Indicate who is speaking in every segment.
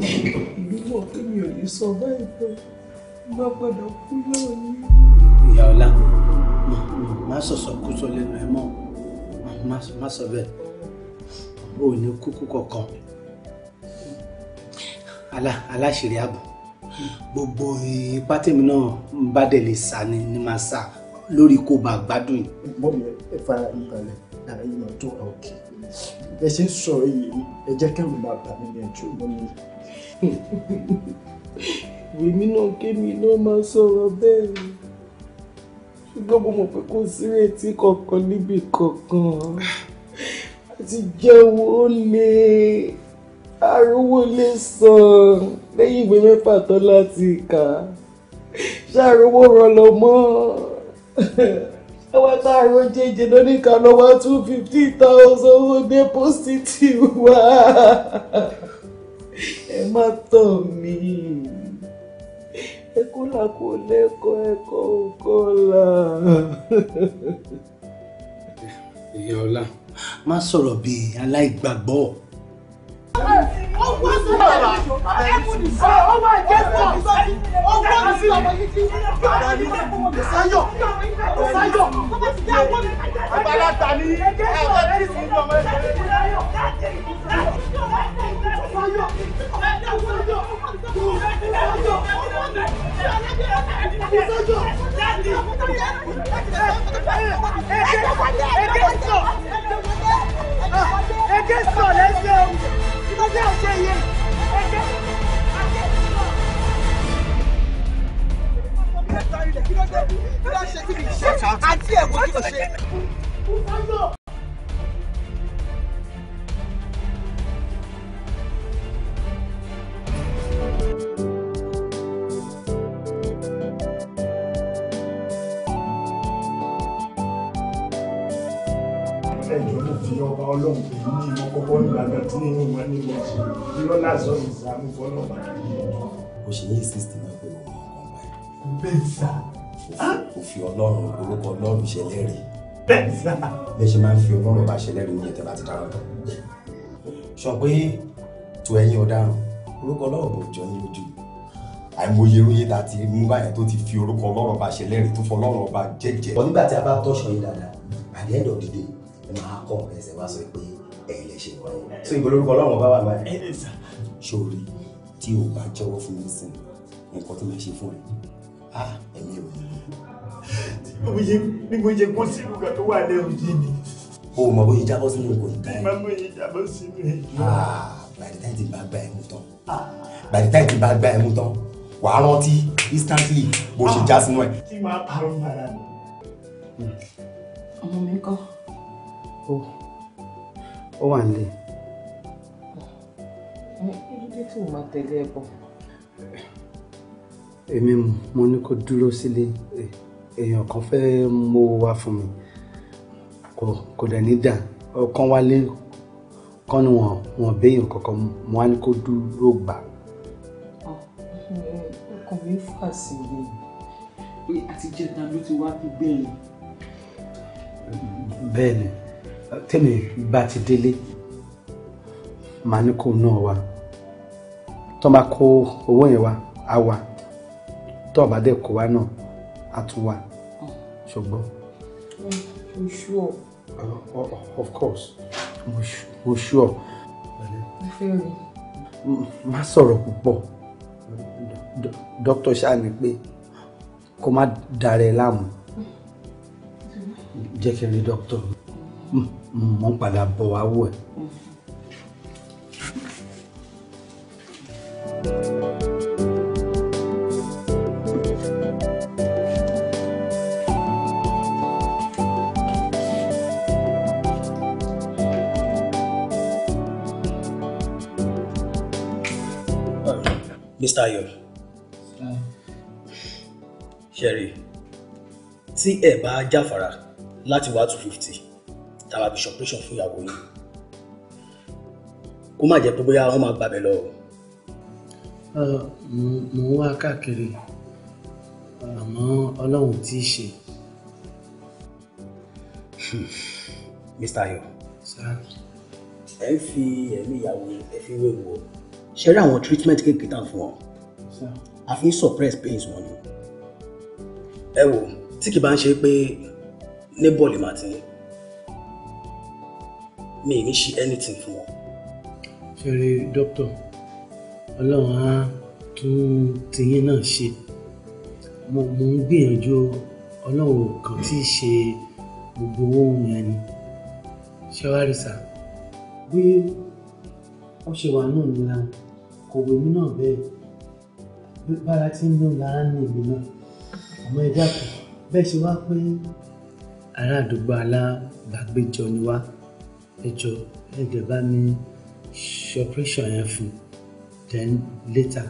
Speaker 1: ìlú mọ̀ pé mi ò ní sọ báyìí pé má padà kú lọ́wọ́ yín. ìyá ọlá má sọ̀sọ̀ kú sọ lẹ́nu ẹ̀ mọ́ má sọ bẹ́ẹ̀ o ò ní kúkú kankan aláṣìírí ààbò gbogbo ipá tèmi náà ń bá dẹ̀ lè sá ni ni máa sá lórí kó bá gbádùn. bọ́ọ̀lù ẹ fara ìbalẹ̀
Speaker 2: ara tó àwọn ẹ ṣe ń sọ yìí ẹ jẹ́ kẹ́rù máa bà mí ní ẹjọ́ mọ́ mi. èmi náà kémi náà máa sọ̀rọ̀
Speaker 1: bẹ́ẹ̀ ni ṣùgbọ́n mo mọ̀ pé kò sí retí kankan níbi kankan àti jẹun ó lè arówó
Speaker 3: lè sàn lẹ́yìn ìwé mẹ́fà tán láti kà ṣàrówó rán lọ mọ́ ẹwà tá a ro jẹjẹ lóníkan lọ́wọ́ two fifty thousand owó deposit wá ẹ má tọ̀ mí ẹ kó là kó
Speaker 4: lẹ́kọ̀ọ́ ẹ̀kọ́ òkọ́
Speaker 1: là. ìyá ọlá má sọ̀rọ̀ bíi aláìgbàgbọ́ ọwọ́
Speaker 5: sí ọ̀la ẹkùn sí ọwọ́ ìjẹ́sọ̀ ọwọ́ sí ọmọ yìí tí yọ̀ọ́ ní sáyọ̀ sáyọ̀ àgbàlagbà ni ẹ̀kọ́ tí sì ń lọ́mọ ẹ̀kọ́ Ege sọ lẹ́sẹ̀ o kọjá òjẹ yẹn ẹjẹ ajé sọ.
Speaker 1: kí ló dé kí ló ṣe kí ni ṣe àti ẹ̀wọ̀n kí ló ṣe.
Speaker 6: ọba ọlọ́run kò ní ìmọ̀ kọ́kọ́ nígbàgbà tí nínú wọn ní wọn ṣe irọ́
Speaker 7: lásán ní sàmú fọlọ́ba. o ṣe ní ìsìsì náà pé òun yóò kàn báyìí. bẹ́ẹ̀ sà. o fi ọlọ́run orúkọ ọlọ́run ṣẹlẹ̀ rẹ̀. bẹ́ẹ̀ sà. bẹ́ẹ̀ ṣe máa ń fi ọlọ́run bá ṣẹlẹ̀ rẹ̀ níyẹn tẹ́ ti dáhùn tán. sọ pé tó ẹ̀yin ọ̀daràn orúkọ ọlọ́run àìmọye oróyè tá ti mú báyẹn tó ti fi orúkọ ọlọ́run bá ṣẹlẹ̀ tó fọ ọlọ́run ọba jẹ́jẹ́. ọ nígbà tí a bá tọ́ṣọ yìí dáadáa at the end of the day máa kọ̀ ẹsẹ̀ wá sọ pé ẹ̀yin lè ṣe ìwọ̀n yẹn so ìbò lórúkọ ọlọ́run bá wà báyìí sórí tí o bá jọ̀wọ́ fún mi sìn nǹkan tó máa ṣe fún ẹ ah ẹ̀mí o. bí mo
Speaker 1: ṣe kó sínú kan tó wà lẹ́rù yìí ni. o mọ bó ṣe jábọ́ sínú òkò ìta ẹ̀. mo mọ bó ṣe jábọ́ sínú ẹ̀. bàdí táyì ti bá gba ẹ̀mú tán bàdí táyì ti bá gba ẹ̀mú tán wàá rántí instantly bó ṣe ah. já sínú ẹ̀.
Speaker 6: kí máa parọ́ mara
Speaker 8: ọmọ mi kọ́
Speaker 1: ó ó wà nílé.
Speaker 8: ilé tí mo máa tẹ̀lé ẹ bọ̀.
Speaker 1: èmi mo ní kó dúró sílé èèyàn kan fẹ́ mú wá fún mi kò kò dẹ̀ ní dà ọkàn wálé kán ni wọn wọn béèyàn kankan mo wá ní kó dúró gbà. ọkàn mi fà sí i pé àtijọ́ ìdájọ́ ti wá gbígbẹ́ yẹn. bẹ́ẹ̀ ni tèmi bá ti délé màá ní kó náà wá tó bá kó owó yẹn wá á wá tó bá dẹ̀ kó wá náà á tún wá ṣùgbọ́n. mo sure. Uh, of course mo sure. mo fẹ́ rí. má sọ̀rọ̀ púpọ̀ dókítà ṣáà ní pé kó má dàrẹ̀ láàmú mm. jẹ́ kí n rí dókítà mo padà bọ̀ wá wò ẹ́. Mr. Ayọ̀ Sherry tí ẹ bá jáfara láti wá two fifty táwa fi ṣọpẹ́ṣọ fún ìyàwó yín
Speaker 9: kó má jẹ́ pé bóyá wọ́n
Speaker 1: máa gbàbẹ̀ lọ. mo ń wá káàkiri àmọ́ ọlọ́run tí ì ṣe. Mr. Ayọ̀ ẹ ń fi ẹ̀mí ìyàwó ẹ fi wéwu o ṣe rí àwọn treatment kékeré tàn fún ọ a fi ń suppress pains wọn ni ẹ wò tí kì bá ń ṣe pé neighbor lè máa ti mi ì ní ṣe anything fún wọn. ṣeré dókítà ọlọ́run á tún tiyín náà ṣe mo mo ń gbìyànjú ọlọ́run kan tí ì ṣe gbogbo owó òun yẹn ni ṣé wàá rí sá bí wọ́n ṣe wà náà nira kò wé mi náà bẹ́ẹ̀ bí bára ti ń lóun lára ní ìlú náà àmọ́ ẹ dákun bẹ́ẹ̀ ṣe wá pé ará àdúgbò alábàgbéjọ ni wá ẹjọ ẹjọ bá mi ṣe operation yẹn fún then later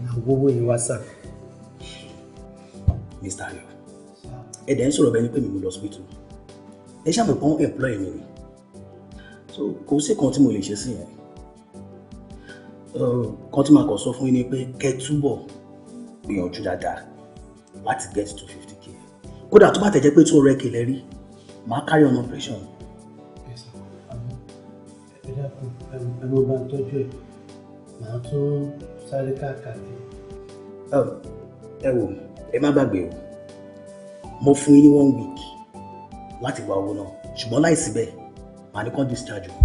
Speaker 1: na wówó yẹn wá sà. mr ayo ẹ dẹ̀ ń sọ̀rọ̀ bẹ́ẹ̀ ni pé mi mo lọ hospital ẹ ṣàmì pọ́n employ mi ni so kò sí kan tí mo lè ṣe sí yẹn kan tí màá kàn sọ fún yín ni pé kẹ́ túbọ̀ gbìyànjú dáadáa láti get two fifty k kódà tó bá tẹ̀ jẹ́ pé two hundred k lẹ́rí màá carry on operation ẹnu ọba ń tọ́jú ẹ̀ màá tún sáré káàkiri. ẹ wò ẹ má gbàgbé o mo fún yín ní one week láti gba owó náà ṣùgbọ́n láìsí bẹ́ẹ̀ màá ní kàn discharge o.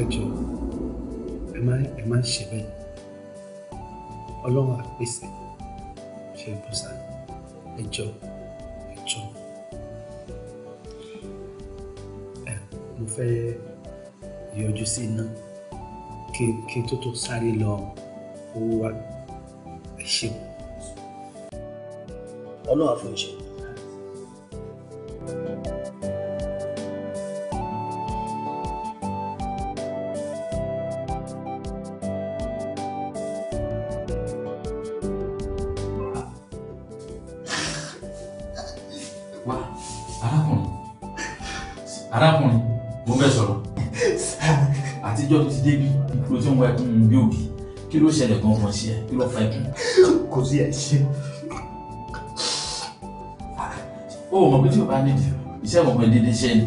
Speaker 1: ẹ jọ ẹ má ẹ má ṣe bẹ́ẹ̀ ọlọ́run á pèsè ṣe é bùsà ẹ mo fẹ́ yọjú sí iná kí n tó tó sáré lọ owó wa ẹ ṣeun ọlọ́wà fún ìṣe.
Speaker 10: ẹkún bí òbí kí ló ṣẹlẹ̀ gangan sí ẹ kí ló fa ẹkún. kò sí ẹ ṣe. o pé tí o bá nídìí iṣẹ́ ìmọ̀ pé dédé ṣe ni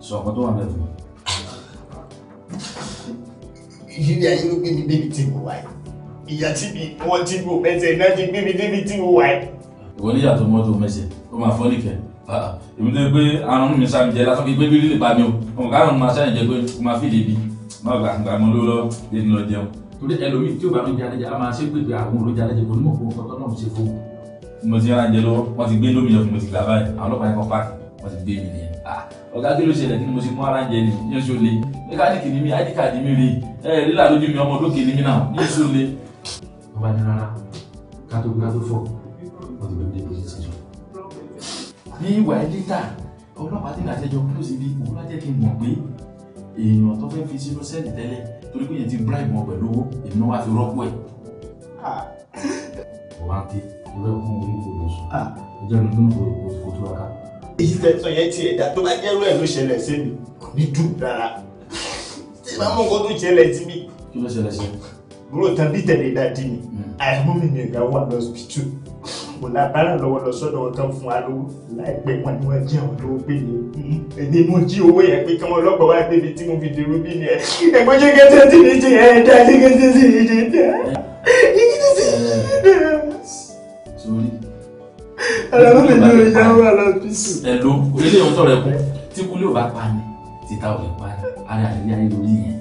Speaker 10: sọ ọ̀kan tó wà bẹ́ẹ̀ fún mi. ìrírí ayé ló gbé mi débi tí mo wà yìí ìyá tí mi wọ́n ti
Speaker 6: bò mẹ́sẹ̀ náà ti gbé mi débi tí mo wà yìí.
Speaker 10: ìwọ níyà tó mọ́tò mẹ́sẹ̀ ó máa fọ́ nìkẹ́ ah, ah, èmi tó gbé àrùn mi sáà ń jẹ lásán kí gbé bí lílè bá mi o òǹkà àrùn máa sáà ń jẹ pé mo máa fìdí bíi má gbàgbà mọ́ ló lọ yé ni lọ jẹun. torí ẹlòmíì tí ò bá mi jalejẹ a máa ṣe pèpè àwọn olójalejẹ kò ní mọ̀ fún ọkọ náà ṣe fún. mo ti rán jẹ lọ́wọ́ wọ́n ti gbé lómi yẹn fún mi ti gbà báyìí àwọn ọlọ́pàá yẹn kọ́ páàkì wọ́n ti gbé mi nìyẹn. ọ̀gá kí ló ṣẹlẹ̀ kí ni mo ṣe mú ara ń jẹ ni yẹn ṣó le mẹkáníìkì ni mi áìdí káàdì mi rí ẹ lílà lójú mi ọmọ lókè ni mi náà yẹn ṣó le. wọ́n bá ní rárá ká tó èèyàn tó fẹ́ fi zero cent tẹ́lẹ̀ torí pé èèyàn ti bribe wọn pẹ̀lú owó èmi náà wá fi rọ́pò ẹ̀. Ah.
Speaker 7: ọba ń ké ọjọ́ fún orí kò lọ sùn ọjọ́ ìlú tó ń kó kó tó ra
Speaker 10: ká.
Speaker 6: èyí tẹ̀sán yẹn ti ẹ̀dá tó bá jẹ́ rú ẹ̀ ló ṣẹlẹ̀ sí mi kò ní dùn rárá tí màá mọ̀ nǹkan tó ṣẹlẹ̀ sí mi. kí ló ṣẹlẹ̀ sí mi. bùrọ̀ tàbí tẹ̀lé dá dì mí hmm. àìmọ́ mi nìkan wà lọ́sibítù kò lágbára lọ́wọ́ lọ sọ́dọ̀ wọn fún wa lówó láìpẹ́ wọn ni wọ́n jí àwọn lówó pé ní hmm. èdè mo jí owó yẹn pé káwọn ọlọ́pàá wá pé mi tí mo fi dèrò bí ni ẹ ẹgbẹ́ jẹ́ gẹ́gẹ́ tí mi jẹ ẹ dá jẹ́ gẹ́gẹ́ tí mi jẹ dá.
Speaker 2: sori aláwọ̀ lè lórí ìyáwó alábísù. ẹ ló ilé ìwọ̀n
Speaker 10: tọrọ ẹkún tí kúlé ò bá pa ni títa ò lè pa ara rẹ̀ ní ayé lórí yẹn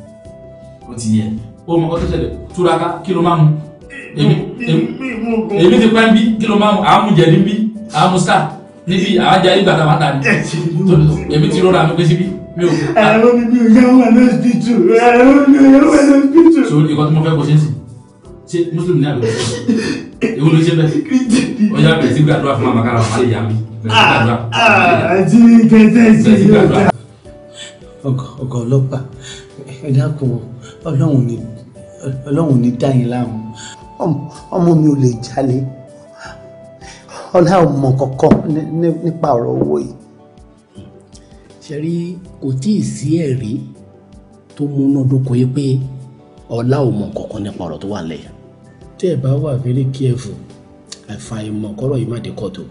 Speaker 10: ó ti yẹ ó mọ ọtọ́ ṣẹlẹ̀ túraká kí ló máa mú èmi ti pẹ́ bí kí ló máa mú àámu jẹ níbí àámu star níbí àájá nígbà tá a máa ta ni èmi ti rọra mi pé síbí mi ò. ẹ̀rọ mi mi ò yẹ wọn lọ sí tù ẹ̀rọ mi ò yẹ wọn lọ sí tù. so ìkọ́ tí mo fẹ́ kó ṣe ń sìn ṣé mùsùlùmí ní àgbẹ̀
Speaker 3: ewu ló ṣe bẹ́ẹ̀ ọjà bẹ̀rẹ̀ sí gbàdúrà fún àmàkà rà fún àlejò àmì àti kẹsẹ̀ ṣe yóò dá.
Speaker 1: ọkọ ọlọ́pàá ẹ dákun Ọlọ́run ni Ọlọ́run ni dá yín láàmú ọmọ mi ò lè jalè ọlá ọmọ kankan nípa ọ̀rọ̀ owó yìí. ṣẹ́rí kò tí ì sí ẹ̀rí tó múnádóko yìí pé ọlá ò mọ kankan nípa ọ̀rọ̀ tó wà lẹ́yìn.
Speaker 2: tẹ́ ẹ bá wà very
Speaker 1: careful àìfàìmọ̀ kọ́rọ̀ yìí má dé kóòtù.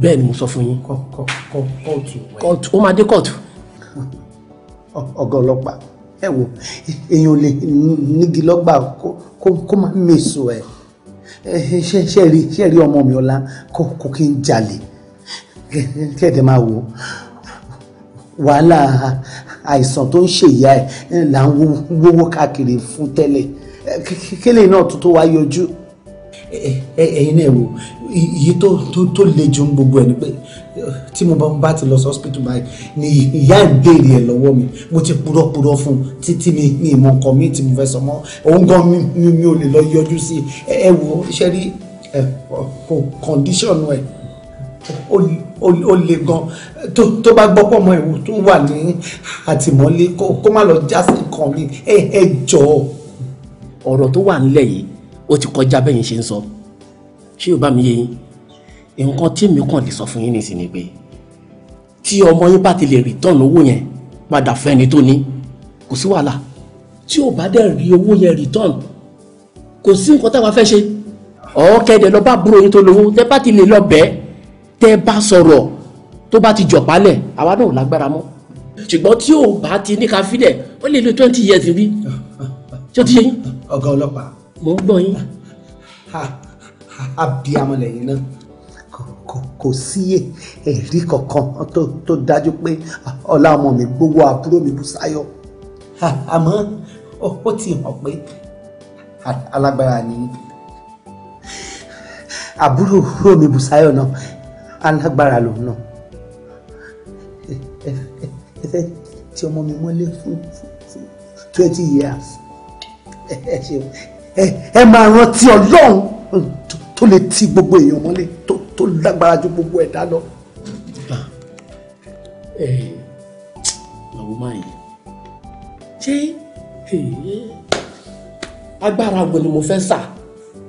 Speaker 1: bẹ́ẹ̀ ni mo sọ fún yín. kóòtù kóòtù ó máa dé kóòtù. ọ̀gá ọlọ́pàá ẹ wo èèyàn lè nígi lọ́gbà kó máa mèso ẹ̀ ṣe rí ṣe rí ọmọ mi ọlá kó kí n jalè kẹ́ẹ̀dẹ̀ máa wò ó wàhálà àìsàn tó ń ṣèyá ẹ̀ là ń wówó káàkiri fún tẹ́lẹ̀ kékeré náà tó tó wá yọjú. ẹ̀yin náà wò èyí tó le jù gbogbo ẹ̀ ni pé tí mo bá ti lọ sí hospital báyìí ni ìyá ẹ̀ ń béèrè ẹ̀ lọ́wọ́ mi mo ti purọ́purọ́ fún un títí mi ní ìmọ̀ nǹkan mi tí mo fẹ́ sọ mọ́ òun gan mi mi ò lè lọ yọjú sí ẹ ẹ wo ṣe rí ẹ kò condition ẹ ó le gan tó bá gbọ́ pọ̀ mọ́ ìwò tó wà ní àtìmọ́lé kó má lọ já kan mi ẹ ẹ jọ. ọ̀rọ̀ tó wà nílẹ̀ yìí ó ti kọjá bẹ́yìn ṣe
Speaker 9: ń sọ ṣé o bá mi yé yín nǹkan tí mi kàn lè sọ fún yín nìsín ni pé
Speaker 1: tí ọmọ yín bá ti lè rìtọ́ọ̀nù owó yẹn padà fẹ́ni tó ní kò sí wàhálà tí ò bá dẹ̀ rí owó yẹn rìtọ́ọ̀nù kò sí nǹkan táwa fẹ́ ṣe ọ̀ọ́kẹ́dẹ̀ lọ bá búrò yín tó lówó tẹ́ bá ti lè lọ bẹ́ẹ̀ tẹ́ bá sọ̀rọ̀ tó bá ti jọ̀pálẹ̀ àwa náà lágbára mọ́ ṣùgbọ́n tí ò bá ti ní ká fílẹ̀ ó lè lo twenty years rí ṣé o ti ṣe yín. ọ̀gá ọlọ́pàá. mo ń gbọ́ yín. àbí amọ̀lẹ́yìn náà kò síyè ẹ̀rí kankan tó dájú pé ah, ọlá ọmọ mi gbowó àbúrò mi Bùsáyọ̀ àmọ́ ó ti hàn pé alágbára ni àbúrò mi Bùsáyọ̀ náà alágbára lòun náà ẹ fẹ́ tí ọmọ mi mọ́lé fún twenty years ẹ ṣeun ẹ máa rántí Ọlọ́run tó lè ti gbogbo èèyàn mọ́lé tó tó lágbára ju gbogbo ẹ̀dá lọ. bàbá ah. eh. máa yìí ṣé eh, agbára wo ni mo fẹ́ sà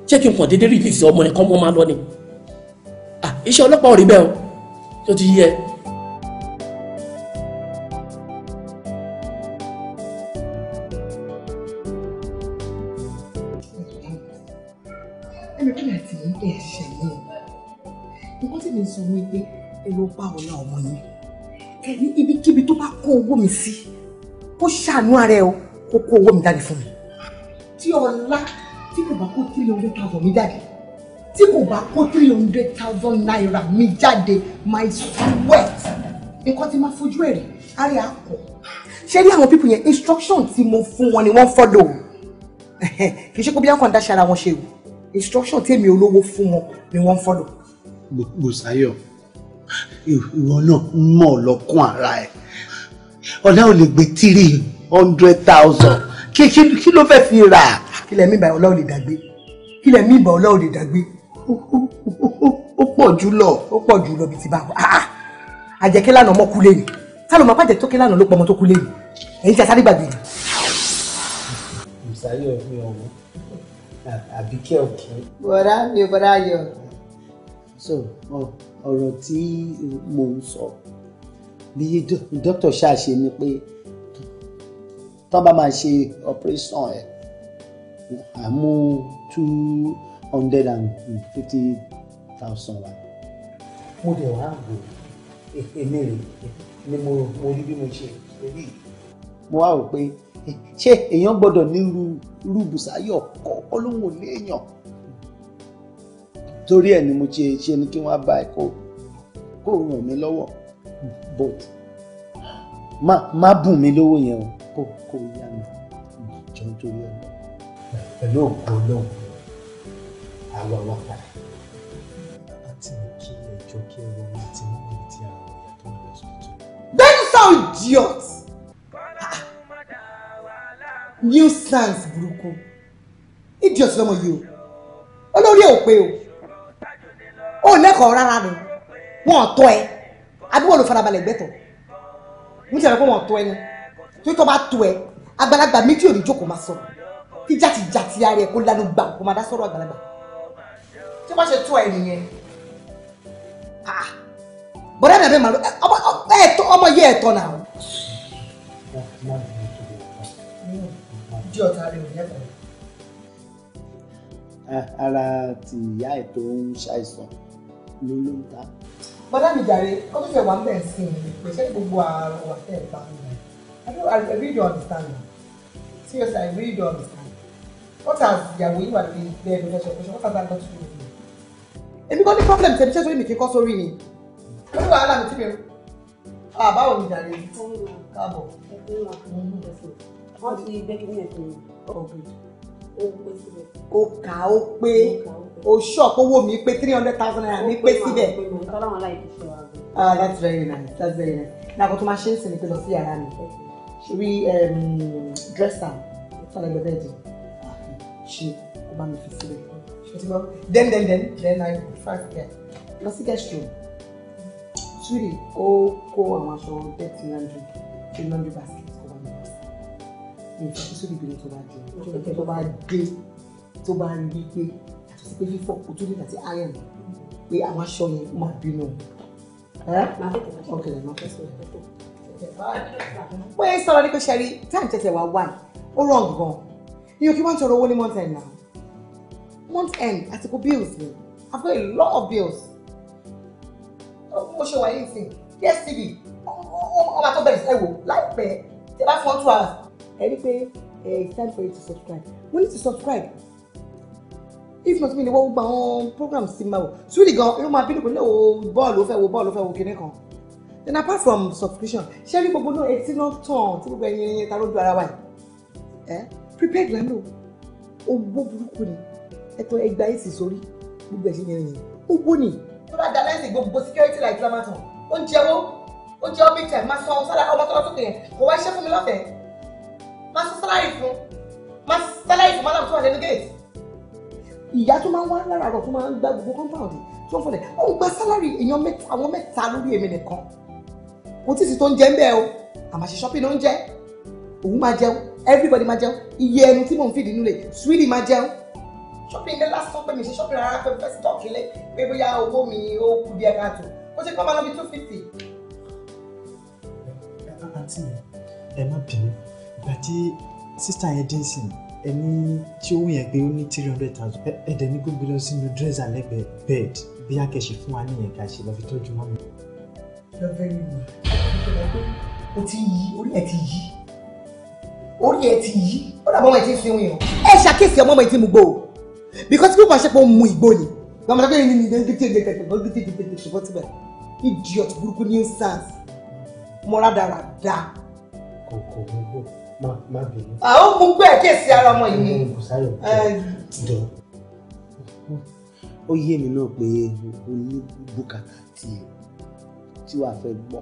Speaker 1: ṣé kí n kàn déédéé rìlíìsì ọmọ ẹ̀kọ́ mọ́ máa lọ ni ah, iṣẹ́ ọlọ́pàá ò rí bẹ́ẹ̀ o tó ti yẹ.
Speaker 11: pé ẹ lọ bá ọ̀la
Speaker 5: ọmọ yẹn
Speaker 1: ẹ ní ibikíbi tó bá kó owó mi sí kó ṣàánú ara ẹ o kó kó owó mi jáde fún mi tí ọ̀la tí kò bá kó three hundred thousand mi jáde tí kò bá kó three hundred thousand naira mi jáde my sweat nǹkan tí máa fojú ẹ̀ rí ara ẹ̀ á ṣé rí àwọn pípù yẹn instruction tí mo fún wọn ni wọ́n fọ́dọ̀ kì í ṣe kó bí wọn kàn dáṣà ara wọn ṣe o instruction tí èmi olówó fún wọn ni wọ́n fọ́dọ̀. Bùsáyọ̀ ìwọ náà mọ̀ lọ́kùn ara ẹ̀ ọ̀dà ò lè gbé tírì hundred thousand kí ló fẹ́ fi rà. kí lẹ́mí ìbà ọlọ́run lè dàgbé kí lẹ́mí ìbà ọlọ́run lè dàgbé ó pọ̀ jù lọ ó pọ̀ jù lọ bí ti bá wà ah, ah. àjẹkẹ́ lánàá ọmọ kú lẹ́yìn tá ló máa bàjẹ́ tó kí lánàá ló pọ̀ ọmọ tó kú lẹ́yìn èyí ti asáré gbàgbé ni. ìsàlẹ̀ ọ̀hún ọ̀hún àbíkẹ́ ọ̀kẹ́. bọ̀dá mi bọ̀dá yọ so ọ̀rọ̀ tí mo ń sọ bí dókítà ṣáà ṣe ni pé tó bá máa ṣe operation ẹ̀ à mú two hundred and fifty thousand wa. mo dẹ̀ wá gbò èmi rè ni mo rí bí mo ṣe rí. mo wá rò pé ṣé èèyàn gbọ́dọ̀ ní irú irú Bùsáyọ̀ kọ́ ọ lóun ò léèyàn torí ẹ̀ ni mo ṣe ṣe ni kí wọ́n bá ẹ kó kó ràn mí lọ́wọ́ but má má bùn mí lówó yẹn o kó kó yá mi jọ nítorí ẹ̀ pẹ̀lú ògbó lóhùn àwa wa padà àti kí ẹjọ́ kí ẹ wọ́n máa ti níbi tí àwọn ọ̀yà tó ń lọ sọ́tún. That you sound idiot! nuisance burúkú idiot lọmọ yìí o olórí ẹ̀ ò pé o ó lẹ́kọ̀ọ́ rárá ni wọn ò tọ́ ẹ abíwọ̀ ló farabalẹ̀ gbẹ́tọ̀ mo ti rẹ̀ pé wọn ò tọ́ ẹ ni tó tọ́ bá tọ́ ẹ àgbàlagbà méjì ò ní jókòó máa sọ kí jàtìjàtì ara ẹ kó lanu gbà kó máa dá sọ̀rọ̀ àgbàlagbà tí wọ́n ṣe tọ́ ẹ nìyẹn ah. bọ́dá mi àbẹ́ màlúù ọmọ yẹ ẹ̀ tọ́ náà ara ti ìyá ẹ̀ tó ń ṣàìsàn ló ló ń ta. bọ́dá mi jàre ó tún fẹ́ wà ń bẹ̀ sí i pé gbogbo àrùn wà tẹ̀ bá mi rẹ̀ I really don't understand you seriously I really don't understand what has ìyàwó yìí wà lórí bẹ́ẹ̀ ló fẹ́ sọ pé what has that got to do with me. èmi kọ́ ní problem tẹ̀mí ṣé sórí mi kí n kọ́ sórí ni lórí wàhálà mi tí mi àbáwò ah, mi jàre káàbọ̀. wọ́n ti gbẹ́gbẹ́ ẹ̀sìn. Oh, ó kà ó pé. ó kà ó pé o shop! owó mi pé three hundred thousand naira mi pé síbẹ̀. ah that's very nice that's very nice na kò tó máa ṣe ń sinmi pé lọ sí yàrá mi ṣorí um, dresser fàlẹ́ gbẹ́bẹ́ jù ah, ṣe kó bá mi fi sílẹ̀ ṣètìgbọ́ then then then then i five there lọ sí guest room sweetie ó kó àwọn aṣọ dirty laundry ṣe laundry basket kó bá mi lọ sí mi ìfẹ́ sórí ìbílẹ̀ tó bá dé tó bá dé tó bá rí i pé pé fífọ̀ kó tó dìgbà tí iron pé àwọn aṣọ yẹn máa bínú. ọkẹlẹ máa fẹ́ sọ̀rọ̀ pé sọ̀rọ̀ ní pé táì tẹ̀tẹ̀ wá wà ó rọ̀ gan-an iye kí wọ́n tọrọ owó ní month end náà month end àsìkò bills ni I've got a lot of bills mo ṣe wà yìí sìn dstv ọmọ tó bẹ̀rẹ̀ sẹ́wọ̀ láìpẹ́ tí a bá fún one two hours ẹ rí i pé eh, it's time for you to subscribe we need to subscribe if not mi ni wọ́n gba àwọn program sí ma o sùúrì gan ló máa bínú pé lè wo bọ́ọ̀lù ó fẹ́ wo bọ́ọ̀lù ó fẹ́ wo kinní kan then apart from subscription ṣé ní eh? oh, gbogbo náà etí náà tàn tí gbogbo ẹyin ẹyin ta ló ju ara wa yìí prepared la lò owó burúkú ni ẹ̀tọ́ ẹgbàá èsì sórí gbogbo ẹ̀ṣin yẹn yẹn owó ni. tó bá dalẹ́ sí gbogbo security light la máa tàn ó ń jẹ́wọ́ ó jẹ́wọ́ big time máa san sálà ọmọ tó bá tó kẹ̀yẹ̀ kò wá iṣẹ́ fún mi lọ́fẹ̀ẹ́ máa san sálárì fún máa san sálárì fún mọ́tàmù tó wà lẹ́nu gate ìyá tó máa ń wá láràárọ̀ tó máa ń gba gbogbo compound tó ń fọlẹ̀ ó ń gba salary. èèyàn mẹ́ta àwọn mẹ́ta lórí èmi nìkan kò tí ì sì tó ń jẹ ń bẹ́ẹ̀ o àmà ṣe shopping ló ń jẹ òun máa jẹun everybody máa jẹun iye ẹnu tí mò ń fìdí nílé sweetie máa jẹun shopping ilé lásán pé mi ṣe shopping rárá pé mo fẹ́ stock ilé pé bóyá owó mi ó kú bí ẹ̀ka tó ó ti pọ́ máa lọ bí two fifty.
Speaker 2: àǹtí mi ẹ má bínú ìgbà tí sísá yẹn dé sí i ẹni tí ó yẹn pé ó ní three hundred thousand ẹ̀dẹ̀ ní gbogbo lọ
Speaker 1: sínú dírẹ́sà lẹ́gbẹ̀ẹ́ bed bí a kẹ̀sì fún wa nìyẹn kà ṣe lọ fi tọ́jú mọ́mi. lọ́fẹ̀ẹ́ mi wà ìṣẹ̀lẹ̀ pé o ti yí orí ẹ̀ ti yí orí ẹ̀ ti yí ó dàbọ̀ ọmọ ẹ̀ ti ń sinwó yẹn. ẹ ṣàkíyèsí ọmọ ọmọ ẹ̀ ti mú gbó o because bí wọ́n ṣe pé ó mu ìgbó ni wọ́n máa tẹ́lẹ̀ ní ní idiot burúkú ní sars mọ́ra dáradára. kò kò mú gbó má bínú. àwọn òkun pé àkíyèsí ara ọmọ yìí ni. kò sáré jọ ó yé mi náà pé o ní bùkátà tí tí wàá fẹ́ gbọ́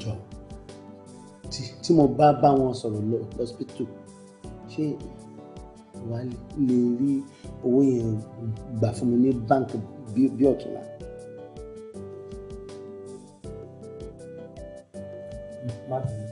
Speaker 1: jọ tí mo bá bá wọn sọ̀rọ̀ lọ lọ́sípítù ṣé wà á lè rí owó yẹn gbà fún mi ní báǹkì bí ọ̀túnla. má bínú.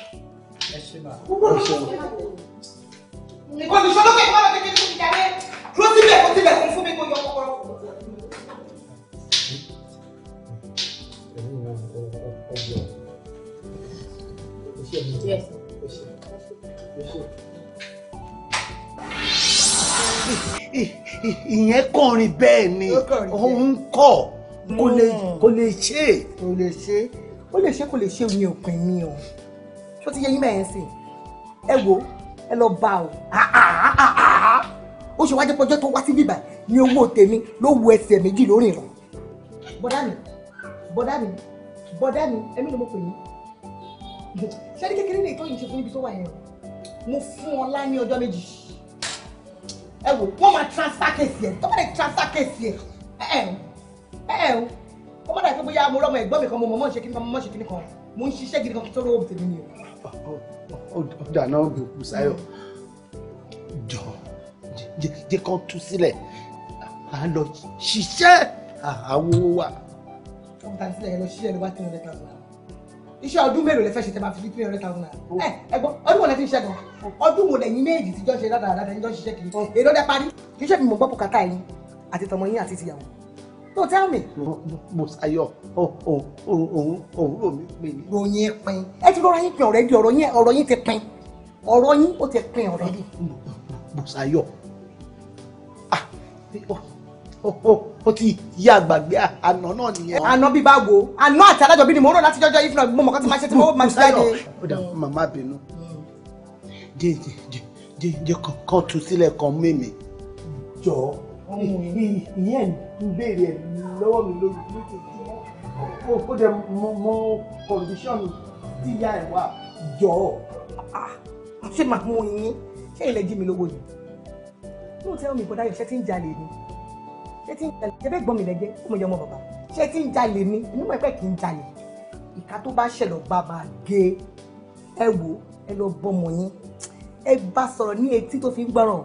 Speaker 12: nǹkan mi sọ lókè
Speaker 1: kí wọn lọ kékeré
Speaker 5: fún mi jáde
Speaker 1: dúró ìyẹn kọrin bẹ́ẹ̀ ni òun kọ̀ hmm. kò lè ṣe. kò lè ṣe kò lè ṣe kò lè ṣe mi o ṣó ti yẹ yín mẹ́rin sìn ẹ wo ẹ lọ bá o ó ṣe wájú pọ́jọ́ tó wá sí bíbà ní owó tèmi ló wu ẹsẹ̀ méjì lórí ìrọ̀ bọ́dá mi bọ́dá mi bọ́dá mi ẹ̀mí ló mọ̀ pè yín ṣé ní kékeré ní ètò yìí ṣe fún ibi tó wà yẹn o mo fún ọ lá ọjọ́ méjì ẹ wò wọ́n máa transfer case ẹ̀ tó bá transfer case ẹ̀ ẹ̀ ẹ̀ ẹ̀ o ó má dà pé bóyá mo rọ́mọ ẹ̀gbọ́n mi kan mo mọ̀ mọ́ ṣe kíni kan mo mọ̀ ṣe kíni kan mo ń ṣiṣẹ́ gidi kan tó lówó tèmi ni o ọjà náà gbé òkú sáyọ jọ jẹ kán tú sílẹ̀ à ń lọ ṣiṣẹ́ àwọn owó wa. wọ́n ta sílẹ̀ yẹn lọ ṣiṣẹ́ ní wá three hundred thousand naira iṣẹ́ ọdún mélòó lè fẹ́ ṣe tẹ́ máa fi three hundred thousand naira. ẹ ẹ̀gbọ́n ọdún wo lẹ ti ń ṣe gan ọdún wo lẹ́yìn méjì tíjọ́ ṣe dáadáa dáadáa tíjọ́ ṣiṣẹ́ kiri èdè ọdẹ parí iṣẹ́ mi mọ̀ gbọ́ bùkátà yín àti tọmọ yín àti tìyàwó no tell me. Bùsáyọ̀ òun rò mí pé mi. Ròyìn pin. Ẹ ti rọra yín pin ọ̀rẹ́ di ọ̀rọ̀ yín ọ̀rọ̀ yín ti pin. Ọ̀rọ̀ yín ó ti pin ọ̀rẹ́ di. Bùsáyọ̀ ó ti yí àgbàgbé àná náà nìyẹn. àná bíi báwo àná àti alájọbí ni mo rò láti jọjọ if not mo mọ̀ ti máa ṣe tí mo máa ṣe jáde. Mm. màmá bínú mm. jẹ́ jẹ́ jẹ́ jẹ́ kan tún sílẹ̀ kan mímì jọ̀ọ́ ìyẹn ń béèrè ẹ̀ lọ́wọ́ mi lórí lójoojúmọ́ ó ó dẹ mọ kọ̀ǹdíṣọ́nù tí ìyá ẹ̀ wà jọ ọ́ ṣé màá mú yín ṣé ilẹ̀ jí mi lówó yìí no tell me bọ́dá yóò ṣe ti ń jalè ni ṣe ti ń jalè ṣe bẹ́ẹ̀ gbọ́n mi lẹ́jẹ́ kó mo yẹ ọmọ bàbá ṣe ti ń jalè ni èmi mọ̀ ẹ̀pẹ́ kì í jalè ìka tó bá ṣẹlẹ̀ ọba máa gé ẹ wò ẹ lọ bọ́mọ yín ẹ bá sọ̀rọ̀ ní etí tó fi ń gbọ́ràn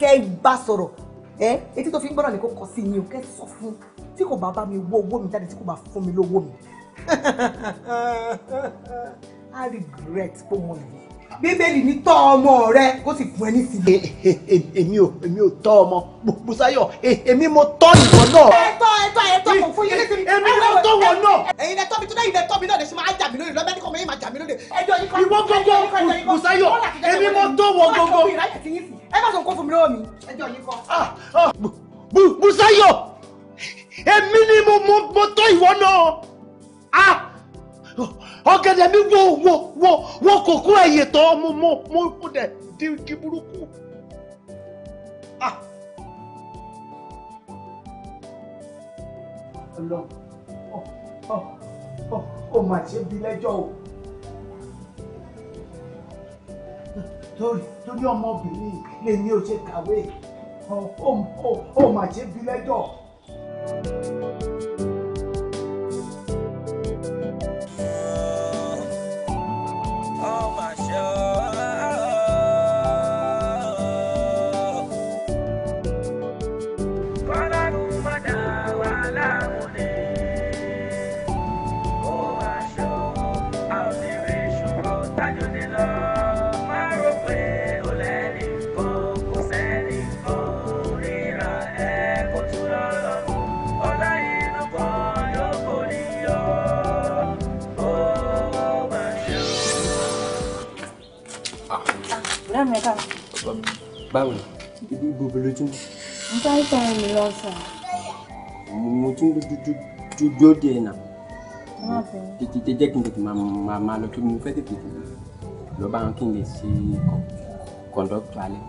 Speaker 1: kẹ́ ẹ bá sọ̀rọ̀ ẹ etí tó fi ń gbọ́dọ̀ ní kó kọ sí yín o kẹ́ sọ fún tí kò bá bá mi wó owó mi jáde tí kò bá fún mi lówó mi I regret pé mo lè bíbélì ní tọ́ ọmọ rẹ kó sì fún ẹ ní sílẹ̀. èmi ò èmi ò tọ́ ọmọ Bùsáyọ̀ èmi mo tọ́ ìwọ náà. ẹ tọ́ ẹ tọ́ ẹ tọ́ kò fún yín èmi náà tọ́ wọ náà. ẹ̀yin lẹ mi tó lẹ́yìn lẹ tọ́ mi náà lè ṣe máa jà mí lórí lọ́mẹ́ni kọ́ yín máa jà mí lórí. ìwọ gbogbo Bùsáyọ̀ èmi mo tọ́ wọ gbogbo ẹ má sọ nǹkan fún mi lọ́wọ́ mi ẹjọ́ yìí
Speaker 3: kọ́. Ah, ah, Bùsáyọ̀ èmi ni mo mo mo tó ìwọ náà ah! ọ̀gẹ̀dẹ̀ mi wo wo wo wo kòkó ẹ̀yẹ tó mo mo mo mo dẹ̀ di di burúkú.
Speaker 1: Ọlọ́run ọ ọ ọ ọ mà ṣe bí lẹ́jọ́ o. torí torí ọmọbìnrin yìí èmi ò ṣe kàwé ó mà ṣe bí lẹ́jọ́.
Speaker 4: Oh my show.
Speaker 9: báwo ni ibo ló tún.
Speaker 5: mo fẹ́ sọ̀rọ̀ mi lọ sàn.
Speaker 9: mo tún dúdú díẹ̀ nà. tètè jẹ́ kí n tètè máa máa lọ kí mo fẹ́ tètè lọ bá wọn kí n lè ṣe kọ̀ǹdọ́tọ̀ alẹ́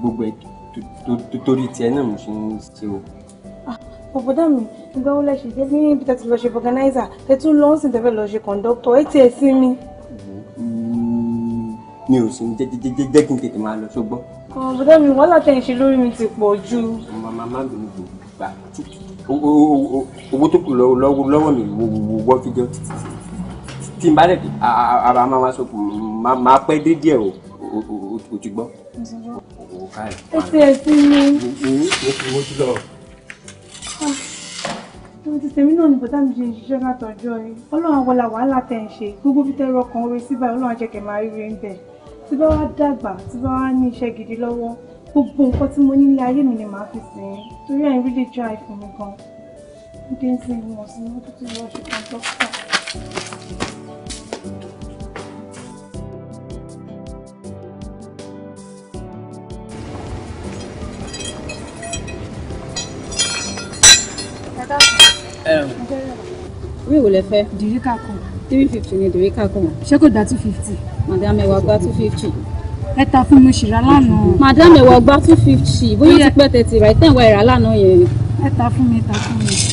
Speaker 9: gbogbo ẹ̀ torí tiẹ̀ náà mo ṣe ń ṣe o.
Speaker 11: Ah, bọ̀bọ̀dá mi ìgbà wo lẹ ṣe dé ní ibi tẹ́tí lọ ṣe fọgànáìzà tẹ́tí lọ́sìn tẹ́fẹ́ lọ ṣe kọ̀ǹdọ́tọ̀ ẹ̀ tiẹ̀ sí mi
Speaker 9: mi ò sùn jẹ́jẹ́jẹ́jẹ́ kí n tètè máa lọ ṣọgbọ́.
Speaker 11: ọ̀bùdá mi wọ́n látẹ̀ ń ṣe lórí mi ti
Speaker 9: pọ̀ jù. màmá má bínú bò gbà owó tó kù lọ́wọ́ mi wọ́ fíjọ́ tí n bá dẹ̀ ara máa wá sọ́kù máa pẹ́ dé díẹ̀ o o ti gbọ́. ẹ ti ẹ ti ní. mo ti lọ
Speaker 11: ah, ti tèmi náà ni bọ́tà mi ṣe ń ṣiṣẹ́ látọjọ́ yìí ọlọ́run àwọn wàhálà tẹ̀ ń ṣe gbogbo fi tẹ́ rọkàn oore síbà ọlọ́run jẹ́ kẹ́ máa rí rí ń bẹ̀ tí bá wá dàgbà tí bá wá ní iṣẹ́ gidi lọ́wọ́ gbogbo nǹkan tí mo ní ilé ayé mi ni màá fi sìn ín torí ẹ̀ rí lè jọ àìfún mi gan. mo dé ní sinmi mọ̀ sí mọ́tò
Speaker 5: tí wọ́n ṣe kan dókítà.
Speaker 11: owó èwo lẹ fẹ́. dìríkà kan. three fifty ni dìríkà kan ṣé kò dá two fifty madame ẹ wá gba two fifty. ẹ ta fún mi ṣìrà lánàá. madam ẹ wá gba two
Speaker 5: fifty bóyá
Speaker 11: ó ti pẹ́ tẹ̀tì rà ẹ̀ tẹ̀ ń wá lánàá yẹn. ẹ ta fún mi ta fún mi.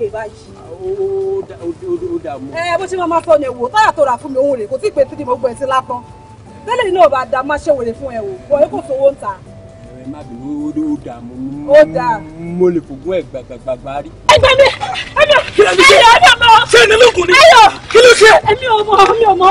Speaker 11: òkè báyìí. Ah, ó dààmú. ẹ eh, bó ṣe máa máa sọ yẹn wò táyà tó rà fún mi òun rè kò tí ì pé tìrì mo gbọ́ ẹ sí lápọn tẹ́lẹ̀ náà bá da má ṣe wèrè fún ẹ wò wọ́n kò sówó ń ta. ẹ
Speaker 9: eh, má bínú ó dààmú. ó dà. mo lè fògùn ẹ gbàgbàgbà rí. ẹ gbà mí ẹnu ẹyọ ẹnu ọmọ. ṣé ẹni lókun ni. ẹyọ kí ló ṣe. èmi ò mọ̀ mi ò mọ̀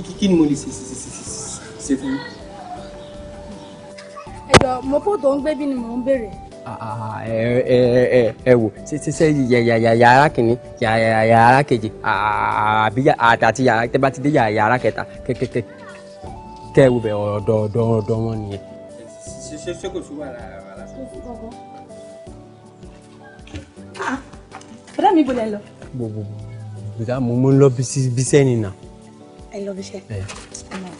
Speaker 9: kí ni mo lè
Speaker 8: ṣe ṣe fún yín. ẹ̀jọ̀ mo fóòtò ń gbé bí ni mò ń béèrè.
Speaker 9: ẹ wò ṣe yàrá kìíní yàrá kejì àbí àti yàrá tẹ́ bá ti dé yàrá kẹta kẹ́kẹ́kẹ́ kẹ́ ẹ wò bẹ̀ ọ̀dọ̀ọ̀dọ̀ wọn nìyẹn. ṣe ṣe kò sí wàhálà wàhálà.
Speaker 11: bọ́dá mi bolẹ̀ lọ.
Speaker 9: gbogbo gbogbo mo ń lọ bí sẹ́ni náà. I love iṣẹ́. ọmọ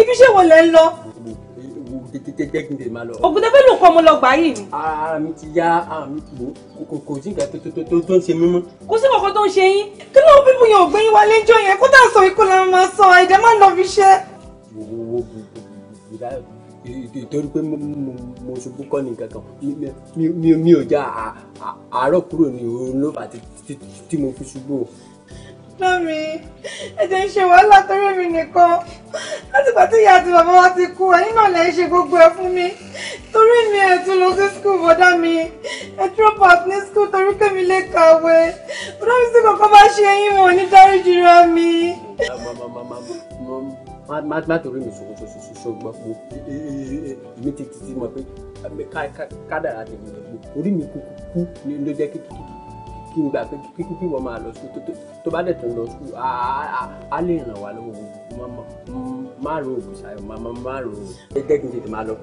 Speaker 9: ibi iṣẹ́ wo lẹ ń lọ. jẹ́ kí n tètè máa lọ. ògùn tẹ́fẹ́ ló kọ́ ọmọ lọ gbà yìí ni. ara mi ti yá ara mi kò kò kò sí nǹkan tó tó ń ṣe mí mọ́. kò sí nǹkan tó ń
Speaker 11: ṣe yín kí ló ń bí fún yẹn ò gbé yín wálé jọ yẹn kó tà sọ ikú la máa sọ ẹ̀jẹ̀ má lọ fi ṣẹ́.
Speaker 9: wo wo wo bùdá ìtorí pé mo ṣubú kọ́ ní kankan mi ò já àárọ̀ kúrò ní òun ló fà tí mo fi ṣubú o.
Speaker 11: lómi ẹ̀jẹ̀ ń ṣe wàhálà torí mi nìkan láti ìgbà tí ìyá àti bàbá wa ti kú ẹ̀yin náà lè ṣe gbogbo ẹ̀ fún mi torí mi ẹ̀ tún lọ sí skul bọ́dá mi ẹ̀ drop out ní skul torí kẹ́mi lè kàwé bọ́dá mi sì kọ̀ọ̀kan bá ṣe eyín wọn ní dáríjì rẹ̀ mi
Speaker 9: má torí mi ṣòwò ṣoṣo ṣùgbọ́n po èmi ti ti mọ̀ pé kádàrá tèmi lè po orí mi kúkú ló jẹ́ kí kìkì kí n gbà pé kíkú kí wọ́n máa lọ sùkúù tó bá dẹ̀ tó lọ sùkúù á lè ràn wá lọ́wọ́ márùn ògùsàyọ̀ márùn ẹ̀ẹ́dẹ́gbẹ̀ẹ́ tètè máa lọ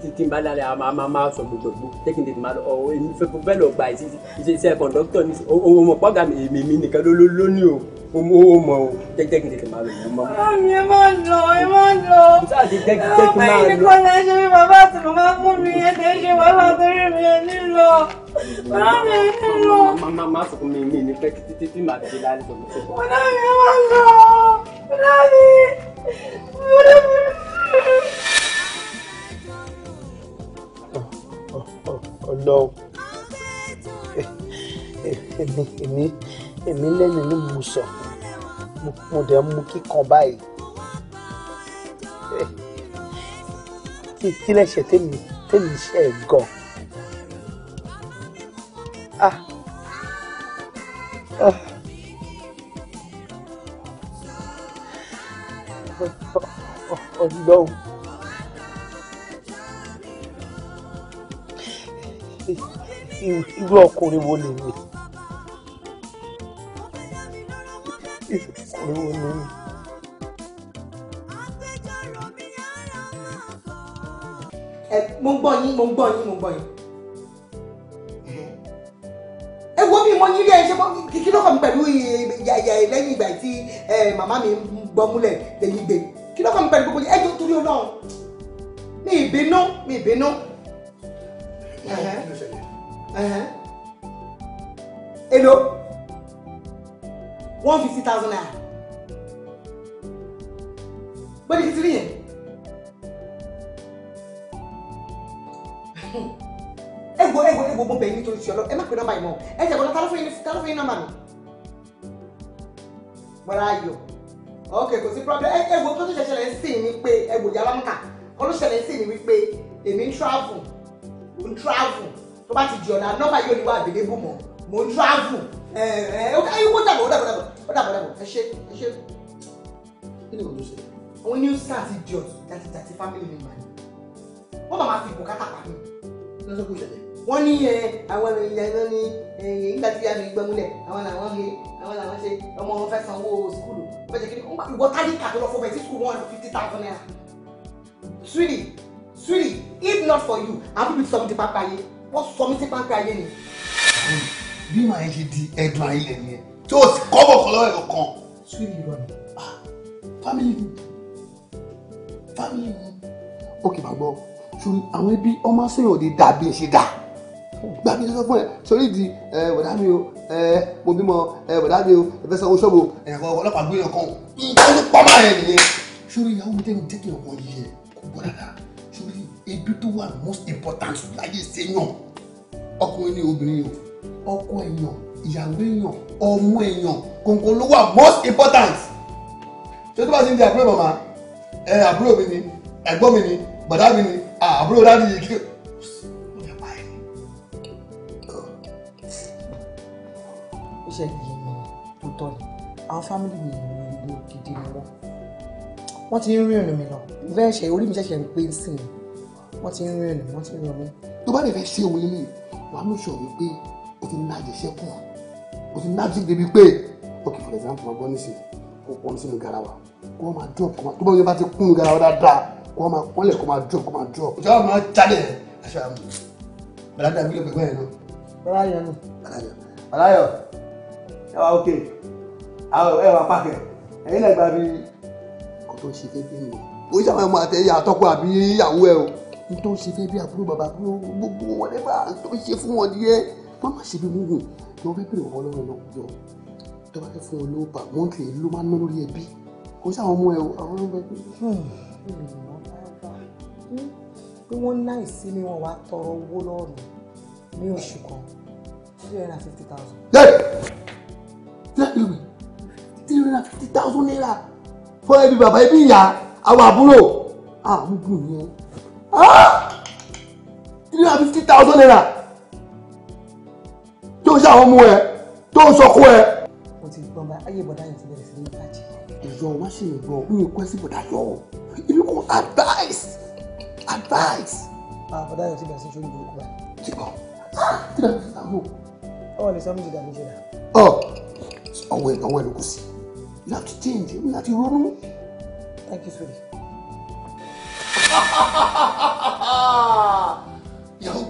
Speaker 9: títí bá dálẹ̀ a máa máa sọ gbogbo tẹ́kìn tètè máa lọ ọ̀ èmi fẹ́ bẹ́ẹ̀ lọ gba iṣẹ́ kọ̀ǹdọ́tọ̀ ní ohun ọ̀pọ̀ ọ̀gá mi nìkan ló ní o o mọ o tẹ́kìn tètè máa lọ ìyẹn mọ́.
Speaker 3: mami ẹ máa lọ
Speaker 4: ẹ máa lọ. lọ. ọmọ yìí kọ́ ẹ ṣe bí
Speaker 9: bàbá máa máa sọ̀kún mi mi ní pẹ́ títí títí màá fi mi tó. mo
Speaker 5: náà mi máa lọ mo náà mi mo náà mi.
Speaker 1: ọlọ́run èmi èmi èmi lẹ́nu ní mo sọ mo dẹ̀ mú kíkan báyìí kí lẹ́sẹ̀ tèmi tèmi ṣe gan ah! Oh, oh, oh, Ọlọ́run irú ọkùnrin wo lèmi ọkùnrin wo lèmi. mo ń gbọ́ yín mo ń gbọ́ yín mo ń gbọ́ yín. wo mi mo yí ilé ẹṣẹ kí ló kàn mí pẹ̀lú yàyà lẹ́yìn ìgbà tí màmá mi gbọ́múlẹ̀ tẹ̀lé gbé kí ló kàn mí pẹ̀lú gbogbo ẹjọ́ torí ọlọ́run mi ìbínú mi ìbínú. èlò one fifty thousand naira gbọ́dọ̀ kìtìrì yẹn ẹ wo ẹ wo ẹ wo mo bẹ̀ yín nítorí ti ọlọ́ ẹ má pe nọ́mbà yìí mọ́ ẹ jẹ́ kọ́lá ta ló fún yín nọ́mbà mi. bọ́lá ayọ̀ ok kò sí problem ẹ ẹ wo tó tó ṣẹṣẹlẹ̀ sí ni pé ẹ wò yàrá mọ́kà kọ́ ló ṣẹlẹ̀ sí ni wípé èmi ń travel mo ń travel tó bá ti di ọ̀la nọ́mbà yìí ò ní wá àbẹ̀lẹ́bù mọ́ mo ń travel ẹ ẹ ẹ ó dàbọ̀ ó dàbọ̀ ó dàbọ̀ ó dàbọ̀ ẹ ṣe ẹ ṣe kí ni mo tó ṣe àwọn new stars idiot jàtijàti family member wọ́n bá máa fi ìbò kátà pa mí. lọ́sọ̀kú ìṣẹ̀lẹ̀ wọ́n ní àwọn ìyàgbọ́n ní nígbà tí yàrá mi gbẹ́ múlẹ̀ àwọn làwọn ṣe àwọn làwọn ṣe ọmọ wọn fẹ́ san owó sukùlù wọ́n jẹ́ kí ni ìwọ tálíkà tó lọ fún bẹ́ẹ̀ tí sukùlù one hundred fifty thousand naira sweetie sweetie if not for you àwọn bíbí sọmi ti pápá ayé wọ́n sọmi ti pápá ayé ni. bí màá ṣe di ẹ̀dùn ayé ni tí o sì kọ́bọ̀ kọ́ lọ́wọ́ kan. sweetie irọ́ ni ah, family family mi. ok màá gbọ́ ṣùgbọ́n àwọn ẹbí ọmọ sẹ́yìn ò ní dàbí ẹ̀ ṣe gbà mí sọ fún ẹ sórí ìdí ẹ bọ̀dá mi o ẹ mo bímọ ẹ bọ̀dá mi o ẹ fẹ́ sanwó ṣọ́ọ̀bù ẹ ọlọ́pàá gbé ọkàn ìtọ́jú pọ́nmá ẹ nìyẹn. sórí ìyàwó mi tẹ́ni jẹ́ kí ọkọ yìí yẹ kó gbọ́ dáadáa sórí ibi tó wà most important láyé sẹ́yàn ọkùnrin ni obìnrin o ọkọ èèyàn ìyàwó èèyàn ọmọ èèyàn kòǹkò ló wà most important ṣé tó bá ti ń di àbúrò màmá ẹ àbúrò mi ni ẹ̀gbọ́n mi ni bọ̀dá mi ni àbúrò dáàdi yìí ṣe yé mi tó tọ́ ni àwọn fámìlì mi ìrìn ìlú gidi ni wọ́n wọ́n ti ń rí ìrìn mi lọ ìfẹ́ ẹ̀ṣẹ̀ orí mi ṣẹ̀ṣẹ̀ rí pé ń sìn wọ́n ti ń rí ìrìn wọ́n ti ń rí ọmọ. tó bá lè fẹ́ ṣe òun ní wàá mú sọ̀rọ̀ pé o ti ní àjẹsẹ́kù o ti ní àjẹsẹ́kù débi pé ok for example ọgbọ́n níṣẹ́ kó pọ́n sínú garawa kó máa drop kó máa tó bá yẹn bá ti kún garawa dáadáa kó máa pọ́nlẹ̀ kó máa drop kó máa drop. ìjọba máa jáde àṣà àmì bàdàdà ẹ wá òkè ẹ wá pàkẹ́ ẹ̀yin náà gba bí kò tó ṣe fẹ́ bí mi o oṣù àwọn ọmọ àtẹ̀yà àtọ́kọ àbí ìyàwó ẹ o n tó ṣe fẹ́ bí àbúrò bàbá àbúrò gbogbo wọn lẹ́bàá n tó ṣe fún wọn díẹ̀ má má ṣe bí gúngùn ni wọ́n fẹ́ bèrè wọn lọ́wọ́ lọ yọ tó bá fẹ́ fún wọn lówó pa mọ́ntì ló máa ná lórí ẹbí kò sí àwọn ọmọ ẹ o àwọn ọmọ ẹgbẹ́ pé wọ́n ná ìsinmi wọn wàá tọrọ owó lọ́rùn ní oṣù kan three hundred and fifty thousand three hundred fifty thousand naira fún ẹbí bàbá ẹbí ìyá àwọn àbúrò àmúgbò ah, yẹn ah! three hundred fifty thousand naira tó ń ṣe àwọn ọmọ ẹ tó ń sọkú ẹ. mo ti gbọ́n bá ayé bọ̀dá yẹn ti bẹ̀rẹ̀ sí ní ìbàjẹ́. ẹ̀yọ́ wá ṣe ìgbọ́ mi ò kọ́ sí bọ̀dá yọ ìlú kò advice advice. àwọn ah, bọ̀dá yẹn ti bẹ̀rẹ̀ sí ní ṣe olúburúkú báyìí. ti kọ́ three hundred fifty thousand. ọ̀ lè sọ mí ti dàbí ṣe dà. ọ̀ oh àwọn àwọn ẹlòkù sí láti change láti ronú. thank you sori. ìyàwó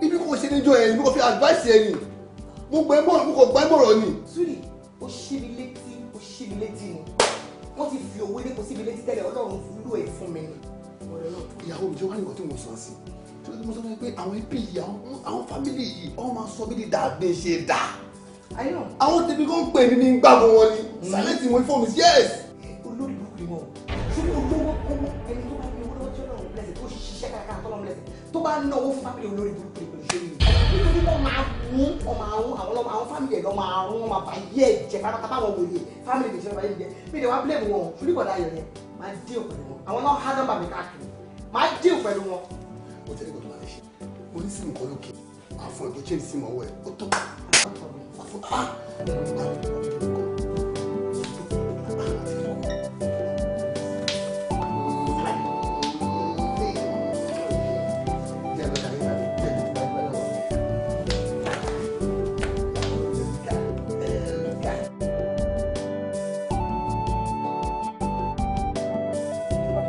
Speaker 1: mi ibi kò ṣe níjọ ẹ ibi kò fi advice ẹ ni mo gbẹ mọ̀rọ̀ mo kò gbẹ mọ̀rọ̀ ni. sori o ṣí mi létí o ṣí mi létí ni wọ́n ti fi òwe lé kò sí mi létí tẹ́lẹ̀ ọlọ́run ló ẹ̀ fún mi ni. ìyàwó mi jẹ́ wá nìkan tí mo sọ sí i tí mo sọ fún mi pé àwọn ẹbí yìí àwọn fámìlì yìí wọ́n máa sọ mí di dáa gbé dáa àwọn tèmi kan ń pè mí ní gbàgbọ́ wọn ni silence wọn fọ́ mi yes. olórí burúkú wọn ṣé olówó kọ́mọ ẹni tó bá ní owó lọ́jọ́ náà lẹ́sẹ̀ tó ṣiṣẹ́ kárakára tó lọ́mọ lẹ́sẹ̀ tó bá ń náwó fún fámìlì olórí burúkú rẹ̀ pẹ̀lú ṣé mi nítorí wọn máa mú ọmọ àwọn àwọn ọmọ àwọn fámìlì ẹ̀ lọ́ máa rún wọn máa bá yẹ ẹ̀jẹ̀ pátápátá wọn wòye fámìlì mi ṣẹlẹ̀ báyìí jẹ mi ni wàá blame wọn fúlí kọ̀dá ayọ̀ yẹn máa dé òpè wọn àwọn náà há nọ́mbà mi káàkiri máa dé òpè wọn. mo tẹ́lẹ̀ kó tó máa fi ṣe onísìnkọ́ lókè àfọ̀ẹ́dọ̀ chẹ́ǹsì mọ́wọ́ ẹ̀ ó tó ọ̀pá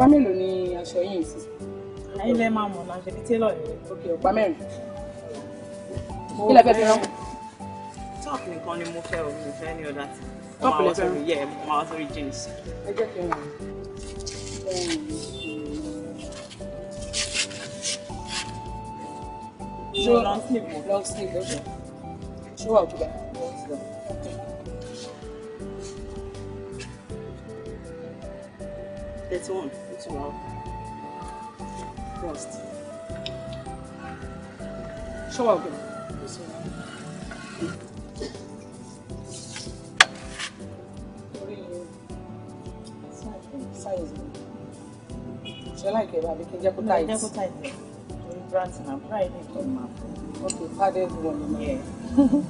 Speaker 12: mélòó ni aṣọ yìí ń sìn? ayílẹ̀ máa mọ̀ náà ṣe bí télọ̀ ní òkè ọ̀pá mẹ́rin. kí lẹ fẹ́ fi rán? top nìkan ni mo fẹ́ o mi fẹ́ ní ọ̀dà tí mo máa wá sórí yẹ mo máa jeans. ẹ jẹ́ kí n wọ̀
Speaker 8: ṣé long sleeve long sleeve ó ṣé wà òkúta
Speaker 12: thirty one thirty one first.
Speaker 8: ṣé wà òkúta. táìsì ṣe láìpẹ́ kí n jẹ́ kó táìsì. jẹ́ kó táìsì torí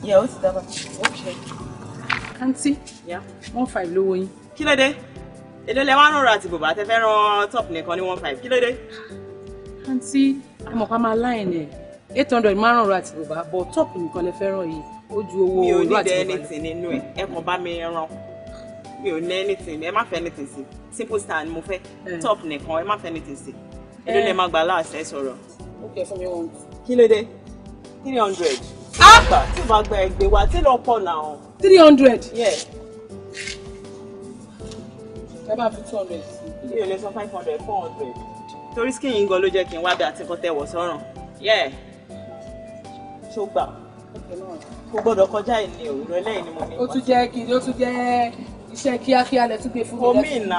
Speaker 8: yẹ ó ti dábàá. ok àǹtí one five lówó yín.
Speaker 12: kí ló dé èlò lẹ wá ń rọra àti bùbá tẹ fẹ́ rán top nìkan ní one five kí ló dé.
Speaker 8: àǹtí ẹ mọ̀ pa máa láìní ẹ̀ eight hundred máa ń rọra àti bùbá but top nìkan lẹ fẹ́ ràn yìí ó owó ìlú àti bùbá lọ. mi ò ní dẹ́ anything
Speaker 12: nínú ẹ̀ ẹ kàn bá mi rán mi ò ní anything ẹ má fẹ́ anything sí simple star ni mo fẹ́ eh. top nìkan ẹ má fẹ́ anything sí èló lè eh. má gbà láàṣẹ sọ̀rọ̀. ok fún mi one. kí ló dé three hundred. ah tí o bá gba ẹgbẹ́ wa tí lọ pọ̀ náà. three hundred. yeah ẹ bá fi two hundred sí. ilé ìlẹ̀ sọ five hundred four hundred. torí skin yìí gan ló jẹ́ kí n wá bí àti nǹkan tẹ̀wọ̀ sọ́rùn. ṣó gbà kò gbọ́dọ̀ kọjá ìní òwúrọ̀ lẹ́yìn ni mo ní. ó tún
Speaker 8: jẹ́ kí ó tún jẹ́ iṣẹ́ kíákíá lẹ tún gbé fún mi. omi ìnà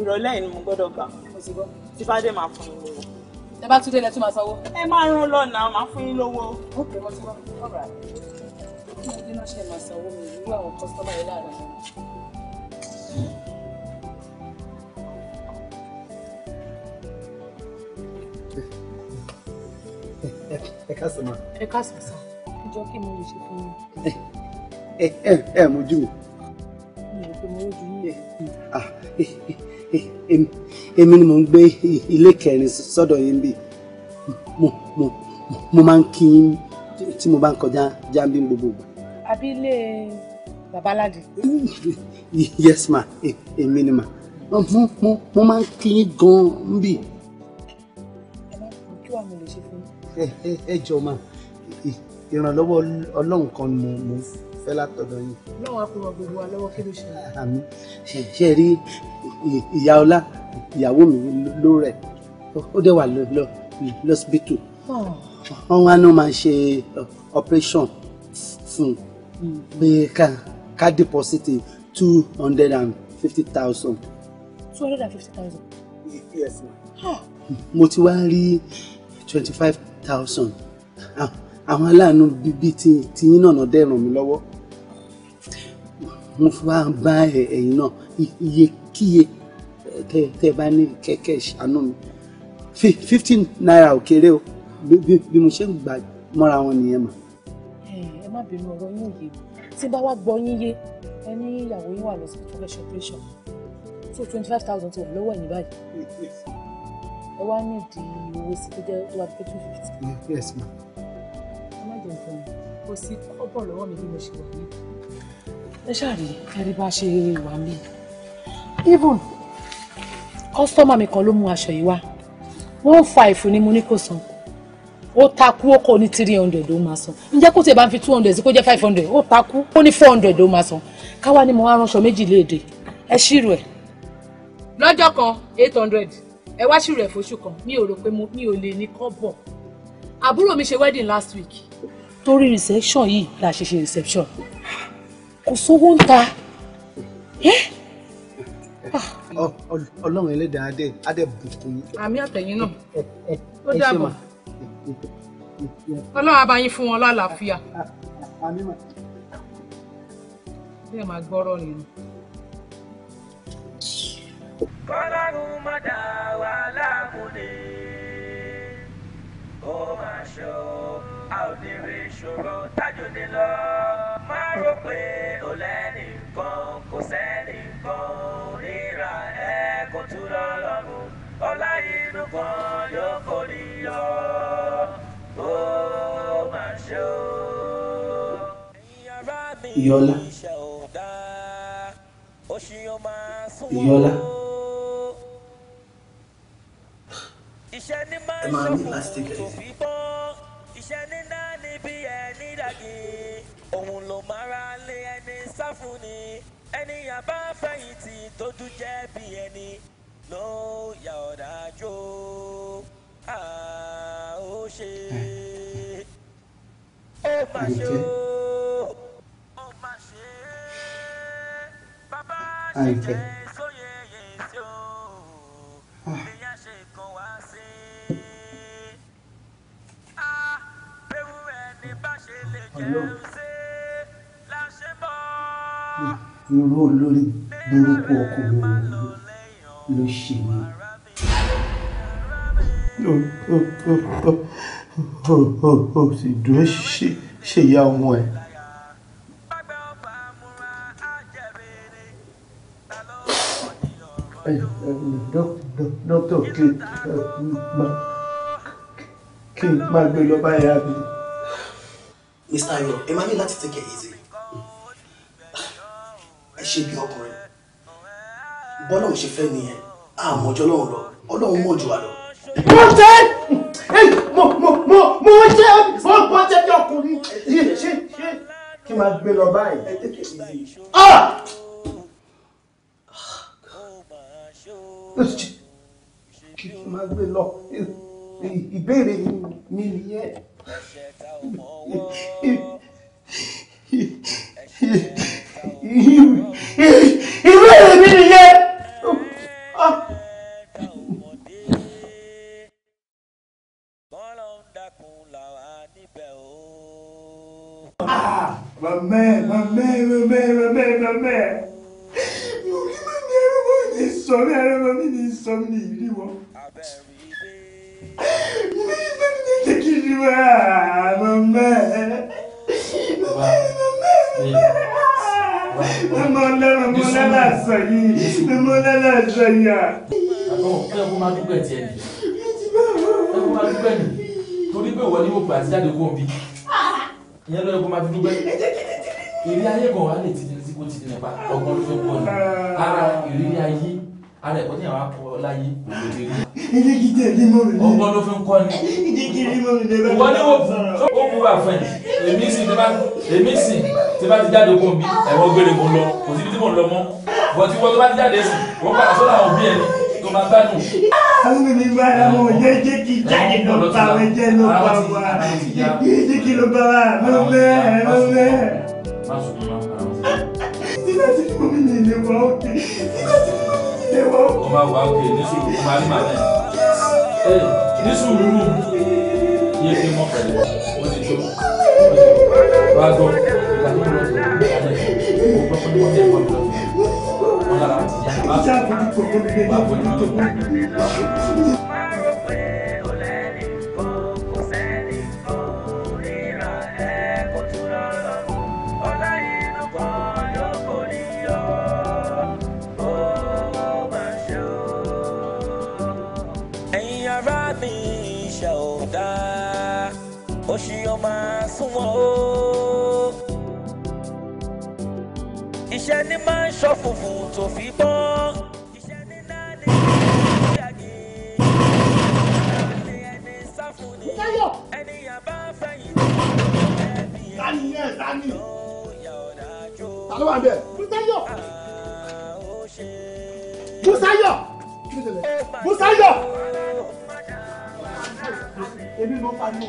Speaker 12: ìrọ̀lẹ́ yìí ni mo gbọ́dọ̀ gbà mo ti gbọ́ tí bá dé máa fún yín lówó.
Speaker 8: ẹ bá tún dé lẹ tún máa
Speaker 12: sanwó. ẹ máa rún lọ́nà máa fún yín lówó. ó kè mo ti gbọ́
Speaker 8: ọ̀rọ̀ àná. kí ni bí má ṣe máa sanwó mi ìlú àwọn kọ́sítọ́mà yìí láàárọ̀ ẹ káàsán ma. ẹ káàsán sá ìjọ kí mo lè ṣe fún yín.
Speaker 1: ẹ ẹ ẹ mojú mi
Speaker 8: mo pé mo rí ilé.
Speaker 1: Ah, èmi ni mò ń gbé ilé kẹrin sọ́dọ̀ yín bí mo máa ń kí yín tí mo bá ń kọjá jáàmbí gbogbo ìgbà.
Speaker 8: àbí ilé babaláde.
Speaker 1: yes ma èmi ni ma mo máa ń kí yín gan-an bí. ẹ má kí wàá mo lè ṣe fún yín. ẹ jọ ma ìrànlọ́wọ́ ọlọ́run kan ni mo fún ìfẹ́ látọ̀dọ̀ yìí. lọ́wọ́ akúrò gbogbo wa lọ́wọ́ kí ló ṣe. àmì ṣe rí ìyá ọlá ìyàwó mi ló rẹ̀ ó dẹ̀ wà lọ́sibítù wọ́n wá náà máa ṣe uh, operation fún mm-hmm. pé ká deposit two hundred and fifty thousand.
Speaker 8: two hundred and fifty thousand.
Speaker 1: yes ma. mo ti wá rí twenty five thousand ah, àwọn aláàánú bíi ti yín náà dẹ̀ ràn mí lọ́wọ́ mo fi wá bá eh, ẹ̀yin náà iye kíye tẹ eh, tẹ bá ní kẹ̀kẹ́ ṣàánú mi fifteen naira ò kéré o bí mo ṣe ń gbà mọ́ra wọn nìyẹn mà.
Speaker 8: Eh, ẹ má bínú ọ̀rọ̀ yín yé tí bá wá gbọ́ yín yé ẹ ní ìyàwó yín wà lọ sí ìtúlẹ̀ṣẹ̀ operation tó twenty five thousand ti wà lọ́wọ́ ẹ̀yìn báyìí ẹ wá ní ìdí owó sí tó jẹ́ tó wà pé two fifty. yes ma. ẹ má jẹun fún mi kò sí kọ́bọ̀ lọ́wọ́ mi bí mo ṣe wà níbi ẹ ṣáàrí ẹrí bá ṣe wà mí even kọ́sítọ́mà mi kan ló mú aṣọ yìí wá wọ́n fa ìfún ni mo ní kò san ó takú ó kò ní three hundred ó máa san ǹjẹ́ kó tiẹ̀ bá ń fi two hundred sí kó jẹ́ five hundred ó takú ó ní four hundred ó máa san káwá ni mo wá ránṣọ méjì léde ẹ ṣírò ẹ̀. lọ́jọ́ kan eight hundred ẹ wá ṣírò ẹ̀ fóṣù kan mi ò rò pé mi ò lè ní kọ́bọ̀ àbúrò mi ṣe wedding last week. torí reception yìí la ṣe ṣe reception kò sówó ń
Speaker 1: ta ọlọ́run ẹlẹ́dàá adé adé bùkún yín.
Speaker 8: àmì àtẹ̀yìn náà ó dàbọ̀ ọlọ́run abayín fún wọn lálàáfíà bẹ́ẹ̀ máa gbọ́rọ̀ nínú.
Speaker 4: kọ́lọ́run má dá wàhálà múlẹ̀ ó máa ṣọ́ a ò lè rí ìṣòro tájò ní lọ. má rò pé o lẹ́nì kan kò sẹ́nì kan ríra ẹ kò tún lọ́rùn ọlá inú kan yóò forí yọ. ó mà ẹ máa ní láti tẹ̀lé. sá fún ni ènìyàn bá fẹ̀yìntì tójú jẹ́ bí ẹni ló yà ọ̀dájú a ó ṣe ó má ṣe ó ó má ṣe bàbá ṣe jẹ́ sóyè yèsí ó níyà ah. ṣe kan wá sí a bẹ́wù ẹni bá ṣe lè jẹun sí.
Speaker 1: irú olórí burúkú ọkùnrin òun ló ṣe mí.
Speaker 5: ó
Speaker 6: sì dúró ṣe ìyá ọmọ ẹ.
Speaker 1: dókítà kí n máa gbé lọ báyà mi. mr ayo emmanuel láti take it easy ẹ ṣe bí ọkùnrin bọ́lá ò ṣe fẹ́ nìyẹn àmọ́jọ́ ọlọ́run lọ ọlọ́run mọ̀ jù wá lọ. mo ṣe mo mo mo mo ṣe
Speaker 6: mo mo ṣe bí
Speaker 3: ọkùnrin ṣe ṣe
Speaker 6: kí máa gbé lọ báyìí. Ah! Ah!
Speaker 1: kí máa gbé lọ ìbéèrè mi nìyẹn.
Speaker 3: ìlú èmi nìyẹn.
Speaker 6: Mamẹ, mamẹ, mamẹ, mamẹ, mamẹ. Mo kí ló ní ẹrọ mọ́ ní sọ mí, ẹrọ mọ́ mi ní sọ mí ní ìlú wọn. Mo ní bẹ́ẹ̀ ní kékeré ní wá, mamẹ.
Speaker 5: Mamẹ, mamẹ, mamẹ
Speaker 6: mọ lẹ́rùn mọ lẹ́lá sẹ́yìn mọ lẹ́lá sẹ́yìn à.
Speaker 10: àbọ̀ kí ẹkún máa dúpẹ́ tiẹ̀ nì ẹkún máa dúpẹ́ nì torí pé ìwọ ni mo gbà tí jáde kó mi ìyẹn lọ ẹkún máa fi dúpẹ́ ìrírí ayé kan wà lè ti di tí kò ti di nípa ọgbọ́n ló fẹ́ pọ̀ ní ara ìrírí ayé ara ẹ̀kọ́ ní àwọn akọ láyé òde rí. ilé gidi ẹ̀ límọ̀ rẹ̀. ọgbọ́n ló fi ń kọ́ ni. ilé gidi límọ̀ rẹ̀ lẹ́bẹ̀rẹ̀. ìwọ ni ó bu àfẹ́ èmi sì tí bá ti jáde okun bí ẹ̀wọ́ gbére mo lọ kò síbi tí mo lọ mọ́ bọ́ wọ́n tó bá ti jáde sùn wọ́n padà sọ́dọ̀ àwọn òbí ẹ̀ tó máa gbádùn.
Speaker 6: àwọn mi bá ara wọn jẹ́ jẹ́ kí jáde lọ bá wọn
Speaker 10: jẹ́ lọ bá wa
Speaker 6: jẹ́ kí ló bá wa ló bẹ́ẹ̀ ló bẹ́ẹ̀. sígbà tí mo mi ní ilé wa òkè sígbà tí mo mi ní ilé wa òkè.
Speaker 10: ọmọ wa òkè ní sùúrù ọmọ náà ní sùúrù yé kí mo fẹ́ wọ́n ti jó wọ́n gbọ́.
Speaker 4: Ìjà àbúrò tó kọ́ nílé. máa ń ṣọ́ fùfù tó fi bọ́. iṣẹ́ nílá ni ìyá
Speaker 5: ni ẹni sáfùnì ẹni yàrá
Speaker 6: fẹ̀yìn
Speaker 1: ẹni ẹni ta ló wà ń bẹ̀. Bùsáyọ̀ Bùsáyọ̀ Bùsáyọ̀
Speaker 3: èmi ló fa ní.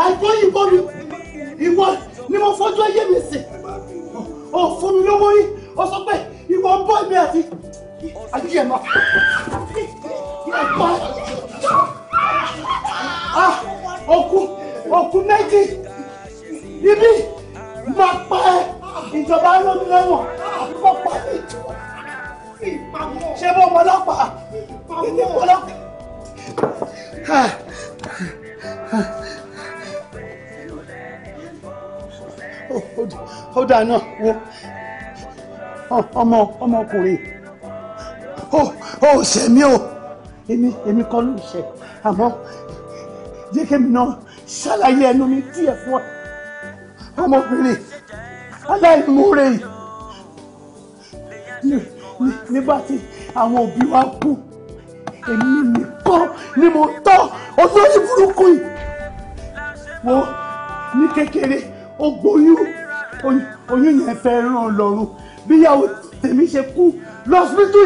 Speaker 3: àìpọ́ ìbọ mi ìwọ ni mo fọ́jú ayé mi sí ọ fún mi lówó yìí ọ sọ pé ìwọ ń bọ́ mi àti àti ẹ̀ ah òkú òkú méjì ibi máa pa ẹ ìjọba lómi lẹ́wọ̀n àbúkọ pa mí ṣé mo mọ ọlọ́pàá ìdí mo ọlọ́pàá.
Speaker 1: ó dáa náà wo ọmọ ọmọkùnrin ó ó ṣe mí o èmi èmi kọ́ ló ṣe àmọ́ jẹ́ kí èmi náà ṣàlàyé ẹnu mi díẹ̀ fún ọ ọmọbìnrin aláìmoore yìí nígbà tí àwọn òbí wa kú èmi nìkan ni mo tọ́ olórí burúkú yìí wo ní kékeré ó gboyún
Speaker 6: oyún yẹn fẹ́ ràn lọ́rùn bíyàwó tèmi ṣe kú lọ́sibítù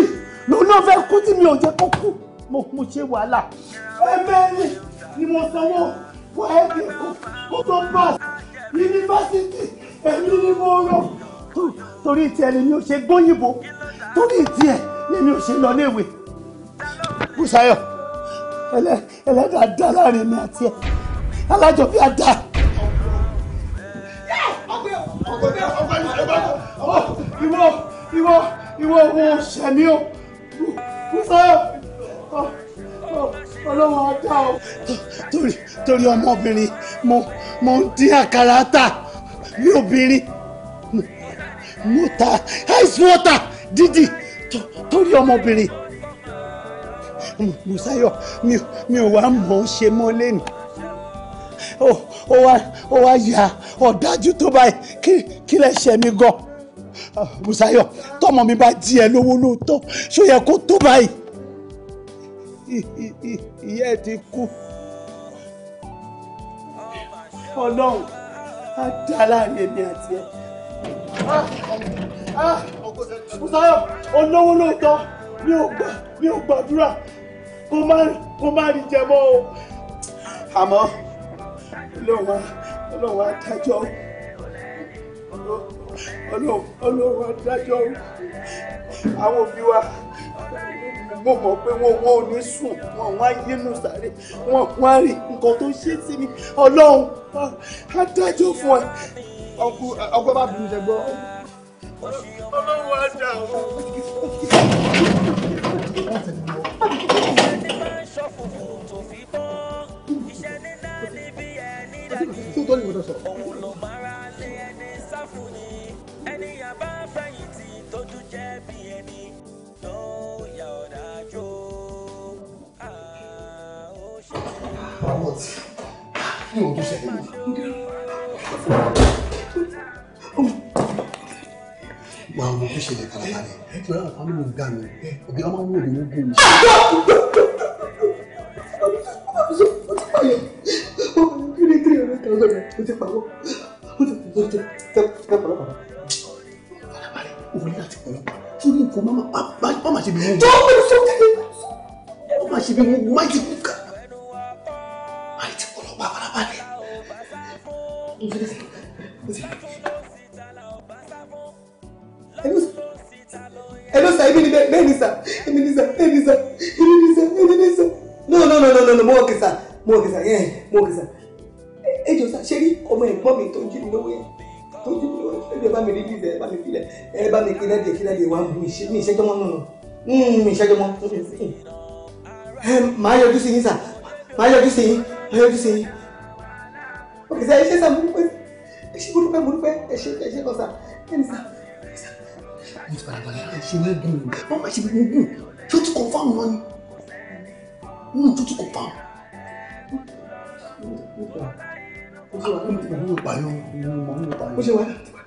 Speaker 1: lòun náà fẹ́ kú tí mi ò jẹ́ kó kú mo mo ṣe wàhálà ẹ̀mẹ́rin ni mo sanwó fún ẹ̀ẹ́dẹ̀ kó tó pass yunifásitì
Speaker 6: èmi ni mo rọ torí tiẹ̀ lèmi ò ṣe gbóyìnbó torí tiẹ̀ lèmi ò ṣe lọ léèwé Bùsáyọ̀ ẹlẹ́dàá dá láàrin mi àti ẹ̀ alájọ bí a dá
Speaker 3: ìwọ ìwọ ìwọ ìwọ ṣẹ̀mí o Bùsáyọ̀ ọlọ́wọ́ ọjà o.
Speaker 6: torí torí ọmọbìnrin mo mo ń dín àkàrà tà ní obìnrin mo ta ice water dídì torí ọmọbìnrin Bùsáyọ̀ mi ò wá mọ̀ ọ́n ṣe mọ́ lẹ́nu ó wá ó wá ya ọ̀dájú tó báyìí kí kí lè ṣe mí gan ah, Bùsáyọ̀ tọmọ mi bá di ẹ lówó lóòótọ́ ṣó yẹ kó tó báyìí ìyá ẹ ti kú
Speaker 1: ọlọ́run á dá láàrin èmi àti ẹ.
Speaker 5: Ah, ah,
Speaker 1: Bùsáyọ̀ olówó lóòótọ́
Speaker 6: mi ò gbà mi ò gbàdúrà kó má rí jẹ mọ́ o àmọ́ ọlọ́wọ́ ọlọ́wọ́ adájọ́ ọlọ́wọ́ adájọ́ àwọn òbí wa mo mọ̀ pé wọ́n wọ́n ò ní sùn wọ́n wá yínú sáré wọ́n wá rí nǹkan tó ṣe sí mi ọlọ́run adájọ́ fún ẹ
Speaker 1: ọgbọ́n bá bí mi ṣe gbọ́.
Speaker 3: ọlọ́run á dà ó.
Speaker 1: tó ní ìwọ́dọ̀ sọ. òun
Speaker 4: ló bára lé ẹni sáfù ni ẹni yàbá fẹ̀yìntì tójú jẹ́ bí ẹni tó yà ọ̀dà jó.
Speaker 1: àwọn ọtí ní òun tó ṣẹlẹ̀ ní. Màá mú kí ṣẹlẹ̀ kàlàkà rẹ̀. Tí wọ́n á fọ́ nínú ìgbà mi, òbí ọmọ wò ni wọ́n gbé mi ẹgbẹ́ mi ó ti pawọ́ ó ti ó ti tẹ́ pọ̀lọ́pàá farabalẹ̀
Speaker 10: òun láti pọ̀lọ́pàá
Speaker 1: tó ní nǹkan má má ṣe bí wọ́n. tó o bẹ̀rẹ̀ sọ tẹ́lẹ̀ ó má ṣe bí wọ́n má ti kú ká má ti pọ̀lọ́pàá farabalẹ̀. Hello sir, ebi ni bẹ́ẹ̀ ni sir, ebi ni sir, ebi ni sir, ebi ni sir, ebi ni sir. No no no no no, mo wọ̀ kì sir, mo wọ̀ kì sir, mo wọ̀ kì sir ẹ jọ sá ṣe rí ọmọ ẹ̀gbọ́n mi tó ń jí mi lówó yẹn tó ń jí mi lówó yẹn ẹ bá mi rí bí ẹ bá mi filẹ̀ ẹ bá mi kí lẹ́dẹ̀ kí lẹ́dẹ̀ wá mi ìṣe mi ìṣẹ́jọ́ mọ́ nù hmm, mi ìṣẹ́jọ́ mọ́ màá yọjú sí yín sà màá yọjú sí yín màá yọjú sí yín òkè sá ẹ ṣe sá mo dúpẹ́ ẹ ṣe mo dúpẹ́ mo dúpẹ́ ẹ ṣe ẹ ṣe kọ sá ẹ ní sá mo ti padà padà ẹ ṣe wẹ́ẹ̀gùn wọ́n máa ṣe bí wọ́n gùn tó ti confam wọn ni wọ́n hmm, tó ti confam. Hmm, ó ṣe wà ní ìtìkà nínú ìpààyàn ó ṣe wà ní ìtìkà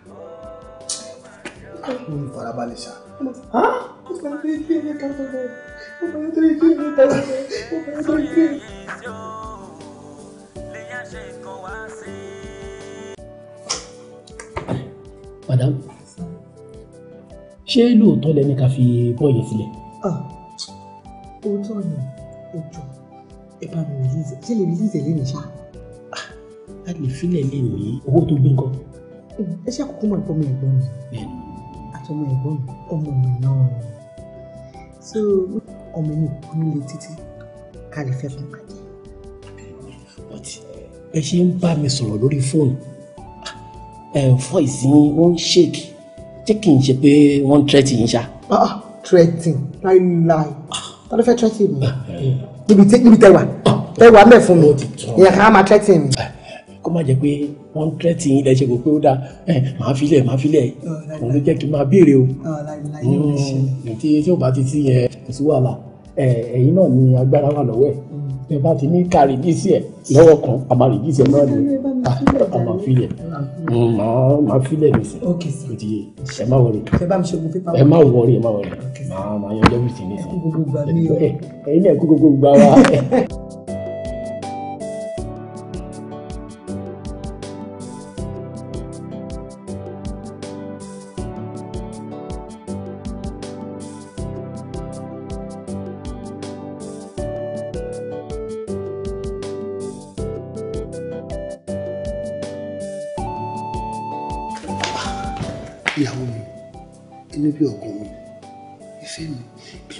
Speaker 1: ó ń farabalẹ̀ ṣá. ó fà nítorí kí ẹ̀yẹ ká sọ̀rọ̀ ó fà nítorí kí ẹ̀yẹ ká sọ̀rọ̀ ó fà nítorí kí ẹ̀yẹ. madam ṣé lóòótọ́ lẹni ká fi bọ́ọ̀yì sílẹ̀. Ah, òótọ́ ni ẹ̀jọ̀ ẹ̀ bá mi rìlíìsì ṣé lè rìlíìsì lè nìṣá ìfilẹ̀ lè mí owó tó gbé nǹkan. ẹ ṣe àkókò mọ ẹ̀kọ́ mi ẹ̀gbọ́n mi àtọmọ ẹ̀gbọ́n mi ọmọ mi náà so ọmọ mi kú nílé títí ká lè fẹ́ fún kàdé. ẹ ṣe ń bá mi sọ̀rọ̀ lórí fóònù ẹ̀ fọ́
Speaker 9: ìsìn ó ń ṣèkì tí kì í ṣe pé wọ́n ń tẹ́tì yín ṣá.
Speaker 1: Ah, ah, tẹ́tì láíláí ah. ta ló fẹ́ tẹ́tì mi eh, eh. níbi tẹ́wà tẹ́wà mẹ́fun mi ìyẹn kan á máa tẹ́tì mi. Eh kó má jẹ́ pé wọ́n ń tẹ́tì yín lẹ́sẹ̀ kó pé ó dáa ẹ
Speaker 9: màá filẹ̀ màá filẹ̀ òun
Speaker 1: ló jẹ́ kí n máa béèrè o
Speaker 9: hmm,
Speaker 1: tí tí ò bá ti ti yẹn kò sí wàhálà ẹ̀yin náà ni agbára wà lọ́wọ́ ẹ̀ bí ẹ bá ti ní ká rìdíìsì
Speaker 9: ẹ̀ lọ́wọ́ kan àmà rìdíìsì ẹ̀ náà ni àmà ah, filẹ̀ hmm, màá filẹ̀ mi sí o ti yé ẹ má wọrí ẹ má wọrí ẹ má wọrí màá yanjú ẹ̀wùsì ní ìsìn ẹ̀yin náà kú gbogbo gbà wá.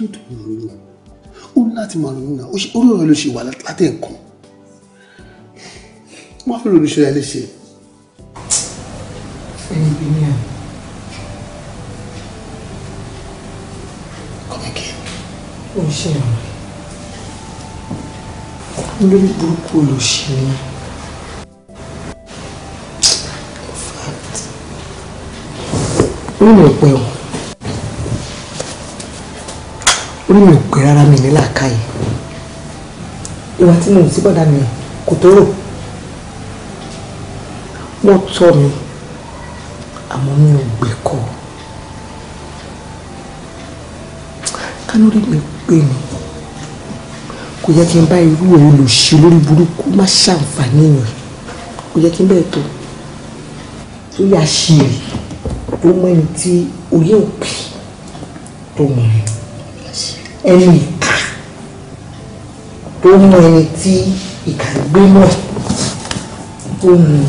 Speaker 1: kí ló tó ronú ó ní láti máa ronú náà orí ọ̀rọ̀ ló ṣe wà látẹ̀ nǹkan wọ́n fẹ́ ronú ṣe ẹlẹ́ ṣe. o kọ́mẹ́kì. ó ṣe àwọn olórí burúkú olùṣèlú. ó lè pẹ́ o. orí mi ò pé rárá mi ní làákàyè ìwà tí mo sì bọ̀dá mi kò tó rò wọ́n tọ́ mi àmọ́ mi ò gbẹ̀kọ́ kánórí mi pé mi kò yẹ kí n bá irú ẹ̀ olùṣe lórí burúkú má ṣàǹfààní mi kò yẹ kí n bẹ́ẹ̀ tó tó yà ṣe tó mọ ẹni tí orí ò tó mọ ẹni ẹni ìka tó mú ẹni tí ìka gbé mọ́ ó mú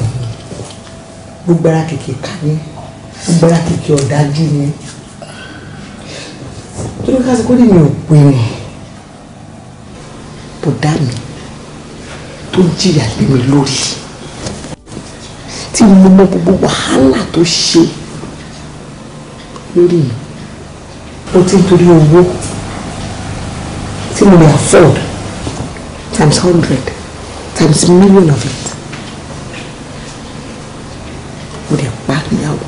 Speaker 1: gbogbo ara kìkì ká ní gbogbo ara kìkì ọ̀dájú ni tó ní ká sọ pé mi ò pè mí bó dá mi tó jìyà lé mi lórí tí mo mọ gbogbo wàhálà tó ṣe lórí mi ó ti ń torí owó tí mo lè afford times hundred times million of it mo lè pa níyàwó.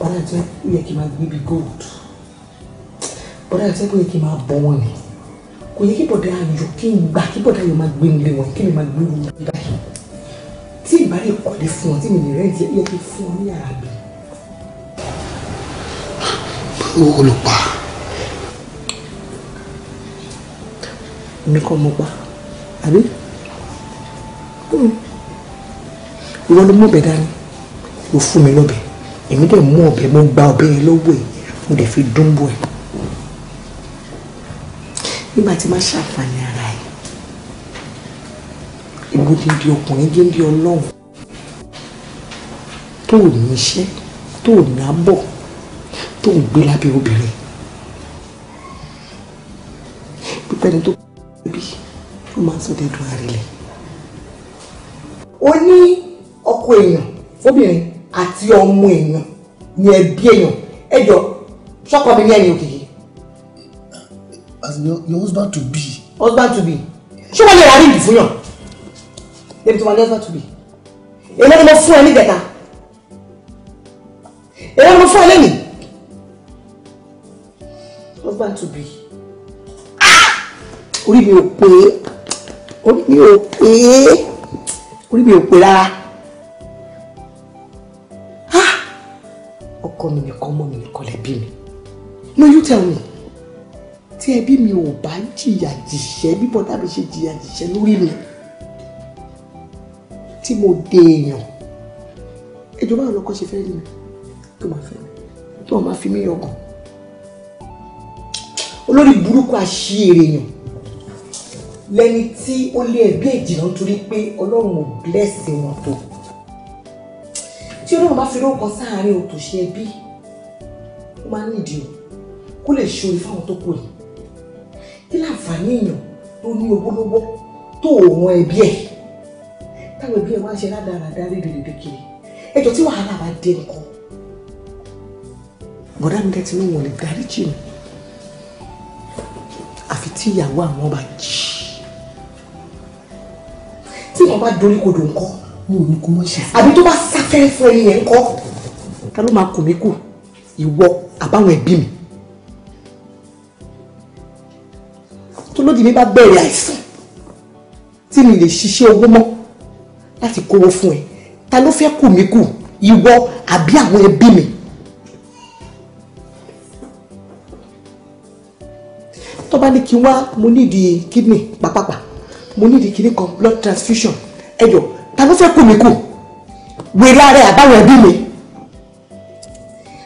Speaker 1: bọ́dà jẹ́ ó yẹ kí n máa gbé bí gold bọ́dà jẹ́ ó yẹ kí n máa bọ́ wọn ni kò yẹ kí bọ̀dà ayọ̀ kí n gbà kí bọ̀dà ayọ̀ máa gbé nílé wọn kí n máa gbé wọn báyìí tí ìbálẹ̀ kọ́lé fún ọ tí mi lè rẹ́ǹtì ó yẹ kí n fún ọ ní yàrá mi. olùpàá. mi kọ́ mo pa àbí hmm. ìwọ ló mú ọ̀bẹ dání o fún mi lọ́bẹ èmi dẹ̀ mú ọ̀bẹ mo gba ọ̀bẹ yẹn lọ́wọ́ ẹ̀ mo dẹ̀ fi dúnbò ẹ̀ nígbà tí má ṣàǹfààní ara ẹ̀ ìgbòdìdì ọkùnrin géńdé ọlọ́run tó ò ní iṣẹ́ tó ò ní abọ́ tó ń gbé lábẹ́ obìnrin pípẹ́ni tó bí ó máa tún dé dùn àrílẹ̀. ó ní ọkọ èèyàn fóbìnrin àti ọmọ èèyàn ní ẹbí èèyàn ẹjọ sọkọ mi ní ẹ̀yìn òkìkí. as your, your husband to be. husband to be ṣé wọ́n lè wá rí ìlú fún yàn débi tí wọ́n lè husband to be èlé ni mo fún ẹ níjẹta èlé ni mo fún ẹ lẹ́yìn husband to be orí mi ò pé orí mi ò pé orí mi ò pé rárá ah! ọkọ mi nìkan ọmọ mi nìkan lè bí mi no you tell me tí ẹbí mi ò bá jìyà jìṣẹ́ bí bọ́dá mi ṣe jìyà jìṣẹ́ lórí mi tí mo dé èèyàn ìjọba àwọn ọkọ ṣe fẹ́ rí mi tó máa fẹ́ mi tó máa fi mí yọkàn olórí burúkú àṣírí èèyàn lẹni tí ó lé ẹbí ìjìnà torí pé ọlọ́run ò blẹ́sì wọn tó tí ọlọ́run bá fi lóko sáàárín òtòṣe ẹbí ó máa nídìí o kó lè ṣe orí fáwọn tó kù yìí kí láǹfààní èèyàn tó ní owó lọ́wọ́ tó òun ẹbí ẹ̀ táwọn ẹbí ẹ̀ máa ń ṣe ládàradà rèdèrèdè kiri ẹjọ́ tí wàhálà bá dé nǹkan bọ̀dá mi dẹ́ ti ní wọn lè dáríjì mi àfi tí ìyàwó àwọn bá jí téèyàn bá dorí kodò ńkọ́ mo ò ní kó mọ́ ṣe fún àbí tó bá sáfẹ́rẹ́ fún ẹni yẹn ńkọ́ ta ló máa kù mí kù ìwọ àbáwọn ẹbí mi tó lódì mi bá bẹ̀rẹ̀ àìsàn tí mi lè ṣiṣẹ́ owó mọ́ láti kówó fún ẹ ta ló fẹ́ kù mí kù ìwọ àbí àwọn ẹbí mi. tó bá ní kí n wá mo nídìí kidney pàápàá mo ní ìdíkiri kan blood transfusion ẹ̀jọ̀ ta ló fẹ́ kú mi kù wèrè ara ẹ̀ àbáwọn ẹbí mi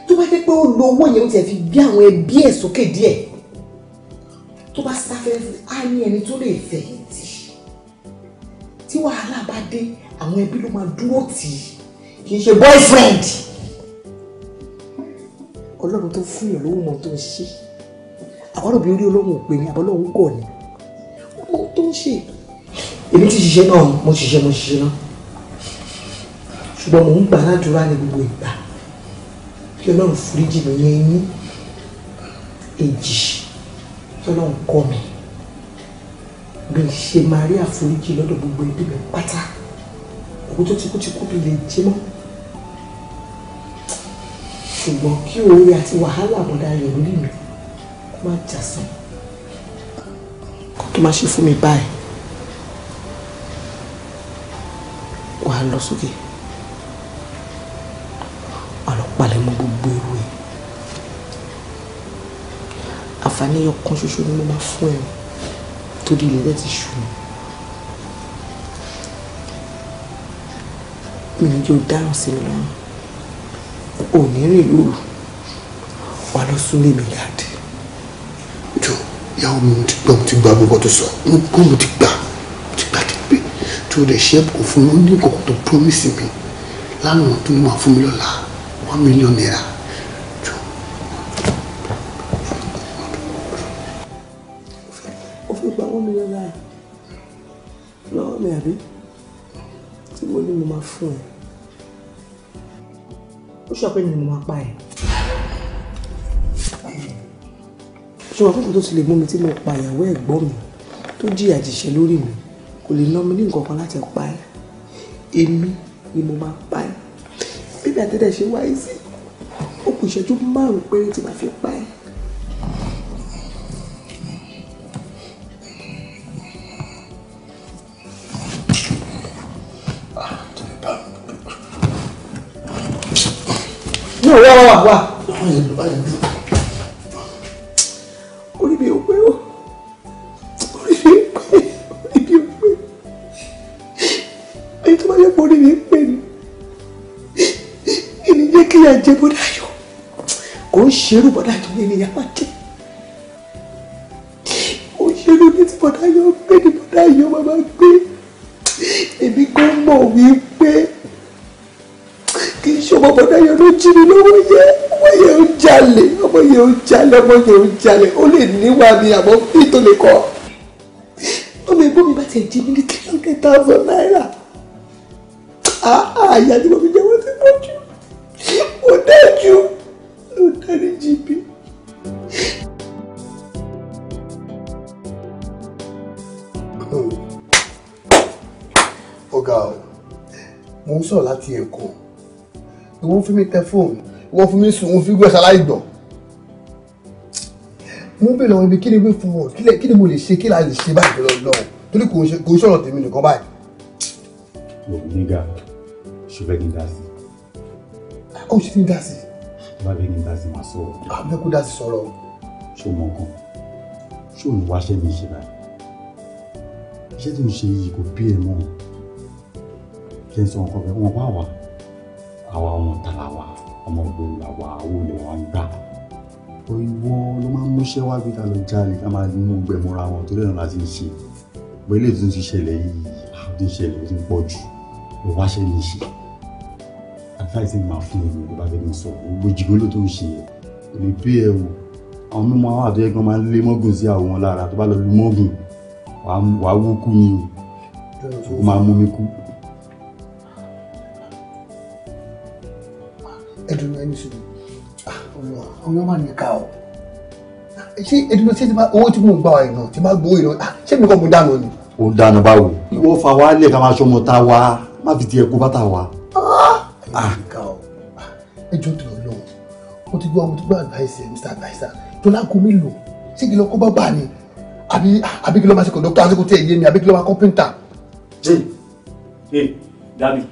Speaker 1: tó bá dé pé ó lo owó yẹn ó tiẹ̀ fi bí àwọn ẹbí ẹ̀ sókè díẹ̀ tó bá sáfẹ́ á ní ẹni tó lè fẹ̀yìntì tí wàhálà bá dé àwọn ẹbí ló máa dúró tì í kì í ṣe boyfriend ọlọ́run tó fún yàn lóhùn mọ́ tó ń ṣe àbọ̀rọ̀ bí orí olóhùn ò pè ní àbọ̀lọ́hùn gọ̀ ni ó mọ tó ń ṣe èmi ti ṣiṣẹ́ náà mo ṣiṣẹ́ mo ṣiṣẹ́ náà ṣùgbọ́n mò ń gbà ládùúrà ní gbogbo ìgbà kí ọlọ́run foríjì mi yẹn ní èjì kí ọlọ́run kọ́ mi bí n ṣe máa rí àforíjì lọ́dọ̀ gbogbo ẹbí mi pátá òkú tó ti kú ti kú bí lè jẹ́ mọ́ ṣùgbọ́n kí oore àti wàhálà àbọ̀dá rẹ̀ lórí mi kó má jà sàn kó tó má ṣe fún mi báyìí. wàá lọ sókè wàá lọ palẹ̀ mọ́ gbogbo ewu ẹ̀ àǹfààní ọkàn ṣoṣo ni mo máa fún ẹ torí ilẹ̀ rẹ ṣù mí mi ní jẹ́ o dáràn sí mi lọ́rùn ò ní rìn lóru wàá lọ súnlé mi jáde. jọ ìyàwó mi ti gbọ́ mo ti gbà gbogbo tó sọ mo ti gbà tó the ṣe kò fún mi to ní kò tó promise mi lánàá to ní máa fún mi one million naira. ó fi gba one million naira lọ́wọ́ mi àbí tí mo ní mo máa fún ẹ ó sọ pé mi ni mo máa pa ẹ ṣùgbọ́n fún kò tó ti lè mú mi tí mo pa ìyàwó ẹ̀gbọ́n mi tó jìyà jìṣẹ́ lórí mi kò lè ná mi ní nǹkan kan láti pa ẹ́ èmi ni mo máa pa ẹ́ bíbí àtẹ́tẹ̀ ṣe wáyé sí ó kù ìṣẹ́jú márùn-ún péré tí màá fi pa ẹ́. No, wá wá wá. yà jẹ bọ́dà yọ kò ń ṣerú bọ́dà yọ ní ènìyàn máa jẹ kò ń ṣerú ní ti bọ́dà yọ gbé ní bọ́dà yọ bàbá gbé èmi gan mọ̀ wípé kì í ṣọmọ bọ́dà yọ ló jí mi lọ́wọ́ yẹ ọmọ yẹ ń jalè ọmọ yẹ ń jalè ọmọ yẹ ń jalè ó lè níwà mi àmọ́ bí tó lè kọ́ ọmọ ẹ̀gbọ́n mi bá ti jí mi ní three hundred thousand naira àyà ah, ah, ni mo fi jẹ́ wọ́n ti pọ̀ ó dájú ló dárí jìbì. ọ̀gá o mo ń sọ̀rọ̀ láti Èkó ìwọ́n fún mi tẹ fóònù ìwọ́n fún mi sùn ìwọ́n fún gbẹ̀sà láì gbọ̀n mo ń bèèrè àwọn ibi kí ni way forward kí ni mo lè ṣe kí la lè ṣe báyìí lọ lọ torí kò ń ṣọ̀rọ̀ tèmi nìkan báyìí.
Speaker 7: mo nígà ṣùgbọ́n kí n dá sí
Speaker 1: ó ṣe ní dá sí.
Speaker 7: bàbá ní ah, dá sí máa sọ ọ. àbẹ kó dá sí sọ̀rọ̀. ṣó mọ gan ṣó ní wáṣẹ mi ṣe báyìí iṣẹ́ tó ń ṣe yìí kò bí ẹ mọ ṣe ń sọ nǹkan bẹ́ẹ̀ wọn bá wà àwa ọmọ tàlà wa ọmọ ògbóni làwa àwọn olè wa ń gbà ìwọ ló máa ń múṣẹ́ wá bí ká jáde ká máa mú gbẹmọ́ra wọn torí ẹ̀rọ láti ń ṣe bọ́ ilé ìtúnṣe ṣẹlẹ̀ yìí àti ìṣẹ̀lẹ̀ ti ń pọ̀ jù ló wáṣẹ́ ṣe táìsì máa fún mi ló bá fẹ́ mi sọ gbogbo jìgólò tó ń ṣe yẹ kò lè pé ẹ o àwọn mímọ àwọn àtọ́jẹ́ kan máa ń lé mọ́gùn sí àwọn lára tó bá lọ lu mọ́gùn wàá wú kú ni o kó máa mú mi kú.
Speaker 1: ẹdùnú ẹni sùn ọyọ máa ní ká o ṣé ẹdùnú ṣé owó tí mò ń gbà ọ ìnà tí máa gbowó ìnà ah, ṣé mi kàn mú dáná ni.
Speaker 7: ó dáná báwo. ìwọ fa wálé ká máa ṣọmọ tá a wá má fi
Speaker 1: tiẹ̀ kó bá tà wá. Ah, ẹjọ́ tó lọ o mo ti gbọ́ àwọn tó gbọ́ advice ẹ̀ mr adviser tó lágbo mélòó ṣé kí lọ kó bá bà ní àbí àbí kí lọ máa ṣe kọ̀dọ́tọ̀ àti kò tí ẹ̀ yé ni àbí kí lọ máa kọ́pẹ́ntà.
Speaker 9: dàbí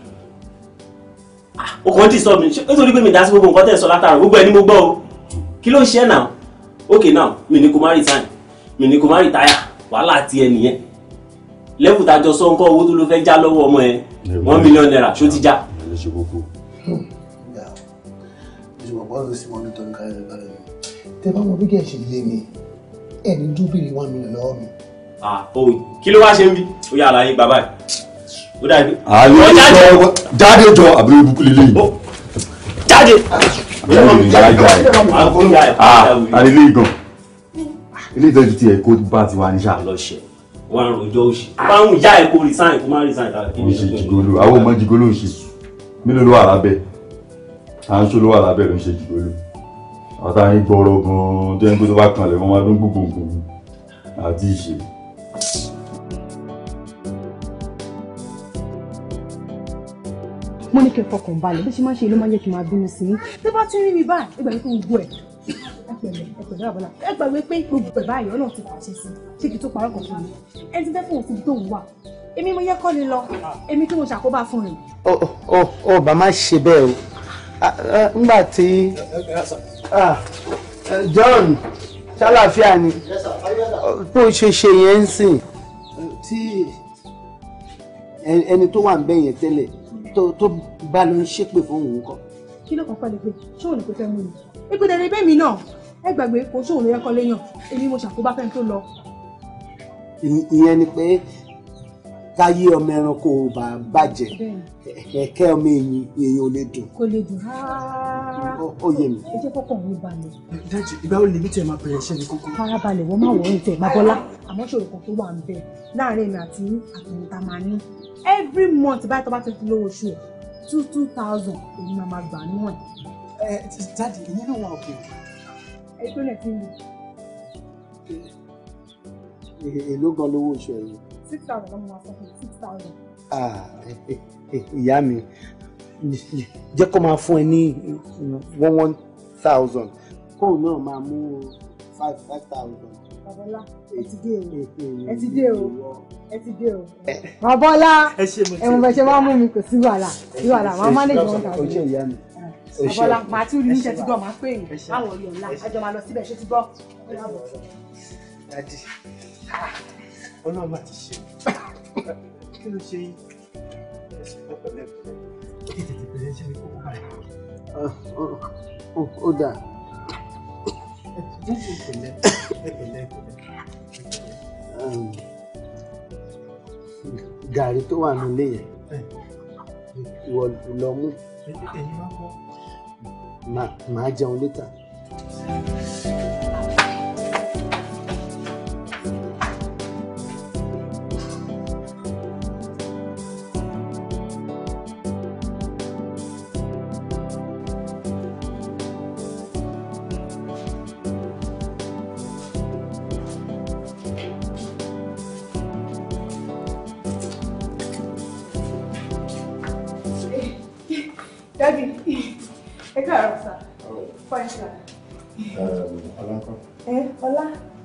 Speaker 9: ah, o kò tí sọ mi nítorí pé mi dá sí gbogbo nǹkan tẹ̀ sọ látara gbogbo ẹ̀ ni mo gbọ́ o kí ló ń ṣe náà okay now mi ní kó má resign mi ní kó má retire wàhálà tiẹ̀ nìyẹn lẹ́kùtàjọ sọ nǹkan owó tó ló fẹ́ já lọ́wọ́ ọmọ ẹ one million naira ṣó ti já. ẹ ṣe gbogbo
Speaker 1: ìṣòwò bọ́ọ̀lù sí wọn nítorí káyọ̀ lọ́dọ̀ rẹ̀ tẹ bá wọn bí kẹ́ ẹ̀ ṣe lé mi ẹ̀ ní dúbìrì one million lọ́wọ́ mi.
Speaker 7: kí ló wá ṣe ń bí ó yà láyé bàbá ẹ̀ ó dàbí. àyè ìjọ
Speaker 3: jáde jọ àbúrò ibùkú lélẹ̀ yìí.
Speaker 7: jáde. àlelé ìgàn ilé ìtọ́jú ti ẹ̀kọ́ bá ti wà ní sáà. lọ́sẹ̀
Speaker 9: wọn rojọ́ òṣì. báwọn ìyá ẹ̀kọ́
Speaker 12: resign kó má resign. òṣì
Speaker 7: jìgolo àwọn ọmọ jìgolo òṣì mélòó ló wà lábẹ́ à ń ṣolówó alábẹ́ ló ń ṣe jùlọ àti àyín gbọ́rọ̀ gan-an tó yẹn pé tó bá kanlẹ̀ wọ́n máa dún gbogbo àti ìṣe.
Speaker 11: mo ní kí n fọkàn balẹ̀ bí ṣe máa ń ṣe ló máa ń jẹ́ kí n máa bínú sí i tó bá tún rí mi báyìí ìgbà yìí tó ń gbọ́ ẹ̀ ẹ gbàgbé pé gbogbo ẹ̀ báyìí ọlọ́run ti pàṣẹ sí ṣé kí n tó parọ́ kan fún mi ẹ ti fẹ́ fún òfin tó ń wà èmi mo yẹ kọ́ ni lọ èmi kí mo ṣàkóbá fún rẹ̀.
Speaker 1: ọ ọ ọ bàmá ṣe bẹ́ẹ̀ o ngbà tí John ṣàlàfíà ni bó ṣe ṣe yẹn ń sìn tí ẹni tó wà ń bẹ̀ yẹn tẹ́lẹ̀ tó bá lọ ń ṣépè fún òun kan.
Speaker 11: kí ló kàn pàdé pé ṣóòlù kò fẹ́ mú mi ipò tẹ̀lé bẹ́ẹ̀ mi náà ẹ gbàgbé kò ṣóòlù yẹ kọ́ léyàn èmi mo ṣàkóbá fẹ́ tó lọ.
Speaker 1: ìyẹn ni pé káyé ọmọ ẹranko ò bá bàjẹ́ ẹ̀kẹ́ ọmọ èyí èyí ò lè dùn.
Speaker 11: kò lè dùn ó yé mi. ẹ jẹ́ kọ́kọ́ mi balẹ̀.
Speaker 1: dájú ìgbà wo lèmi tẹ̀ máa bẹ̀rẹ̀ iṣẹ́ mi kọ́kọ́.
Speaker 8: farabalẹ̀ wọ́n máa wọ̀ ẹ́ tẹ̀ máa bọ́lá
Speaker 11: àmọ́ ṣòro kan tó wà ń bẹ láàárín èmi àti àtòun ta máa ní every month báyìí tó bá tẹ́tí lówó oṣù ẹ̀ two two thousand èmi máa máa gbà náà. ẹ dájú ìyẹn náà wà òkè òkè. ẹ tó lẹ̀ sí six thousand lọ́mọ máa sọ fún six
Speaker 1: thousand. ìyá mi jẹ́ kó máa fún ẹ ní one one thousand kóun náà máa mú five five thousand. Babọ́lá ẹ ti dé o eh, eh, eh, ẹ ti dé o ẹ ti dé o. Babọ́lá ẹ̀wọ̀n bẹ̀ ṣe máa mú mi kò sí wàhálà sí wàhálà máa manage one thousand. Ah, Babọ́lá màá tí olùmíṣẹ́ ti gbọ́ màá pè yín máa wọ̀
Speaker 11: ọ́ yọ̀ ńlá àjọ máa lọ síbẹ̀ ṣe ti gbọ́
Speaker 1: ọlọ́run má ti ṣe
Speaker 6: kí ló ṣe yín ẹ̀sìn pẹ̀lẹ́ pẹ̀lẹ́
Speaker 1: tètè tètè pẹ̀lẹ́ ṣe ní kókó báyìí. ó dà. pẹ̀lẹ́ pẹ̀lẹ́ pẹ̀lẹ́. gàrí tó wà nílé yẹn ìwọ lọ mú. màá jẹun létà. Thank you.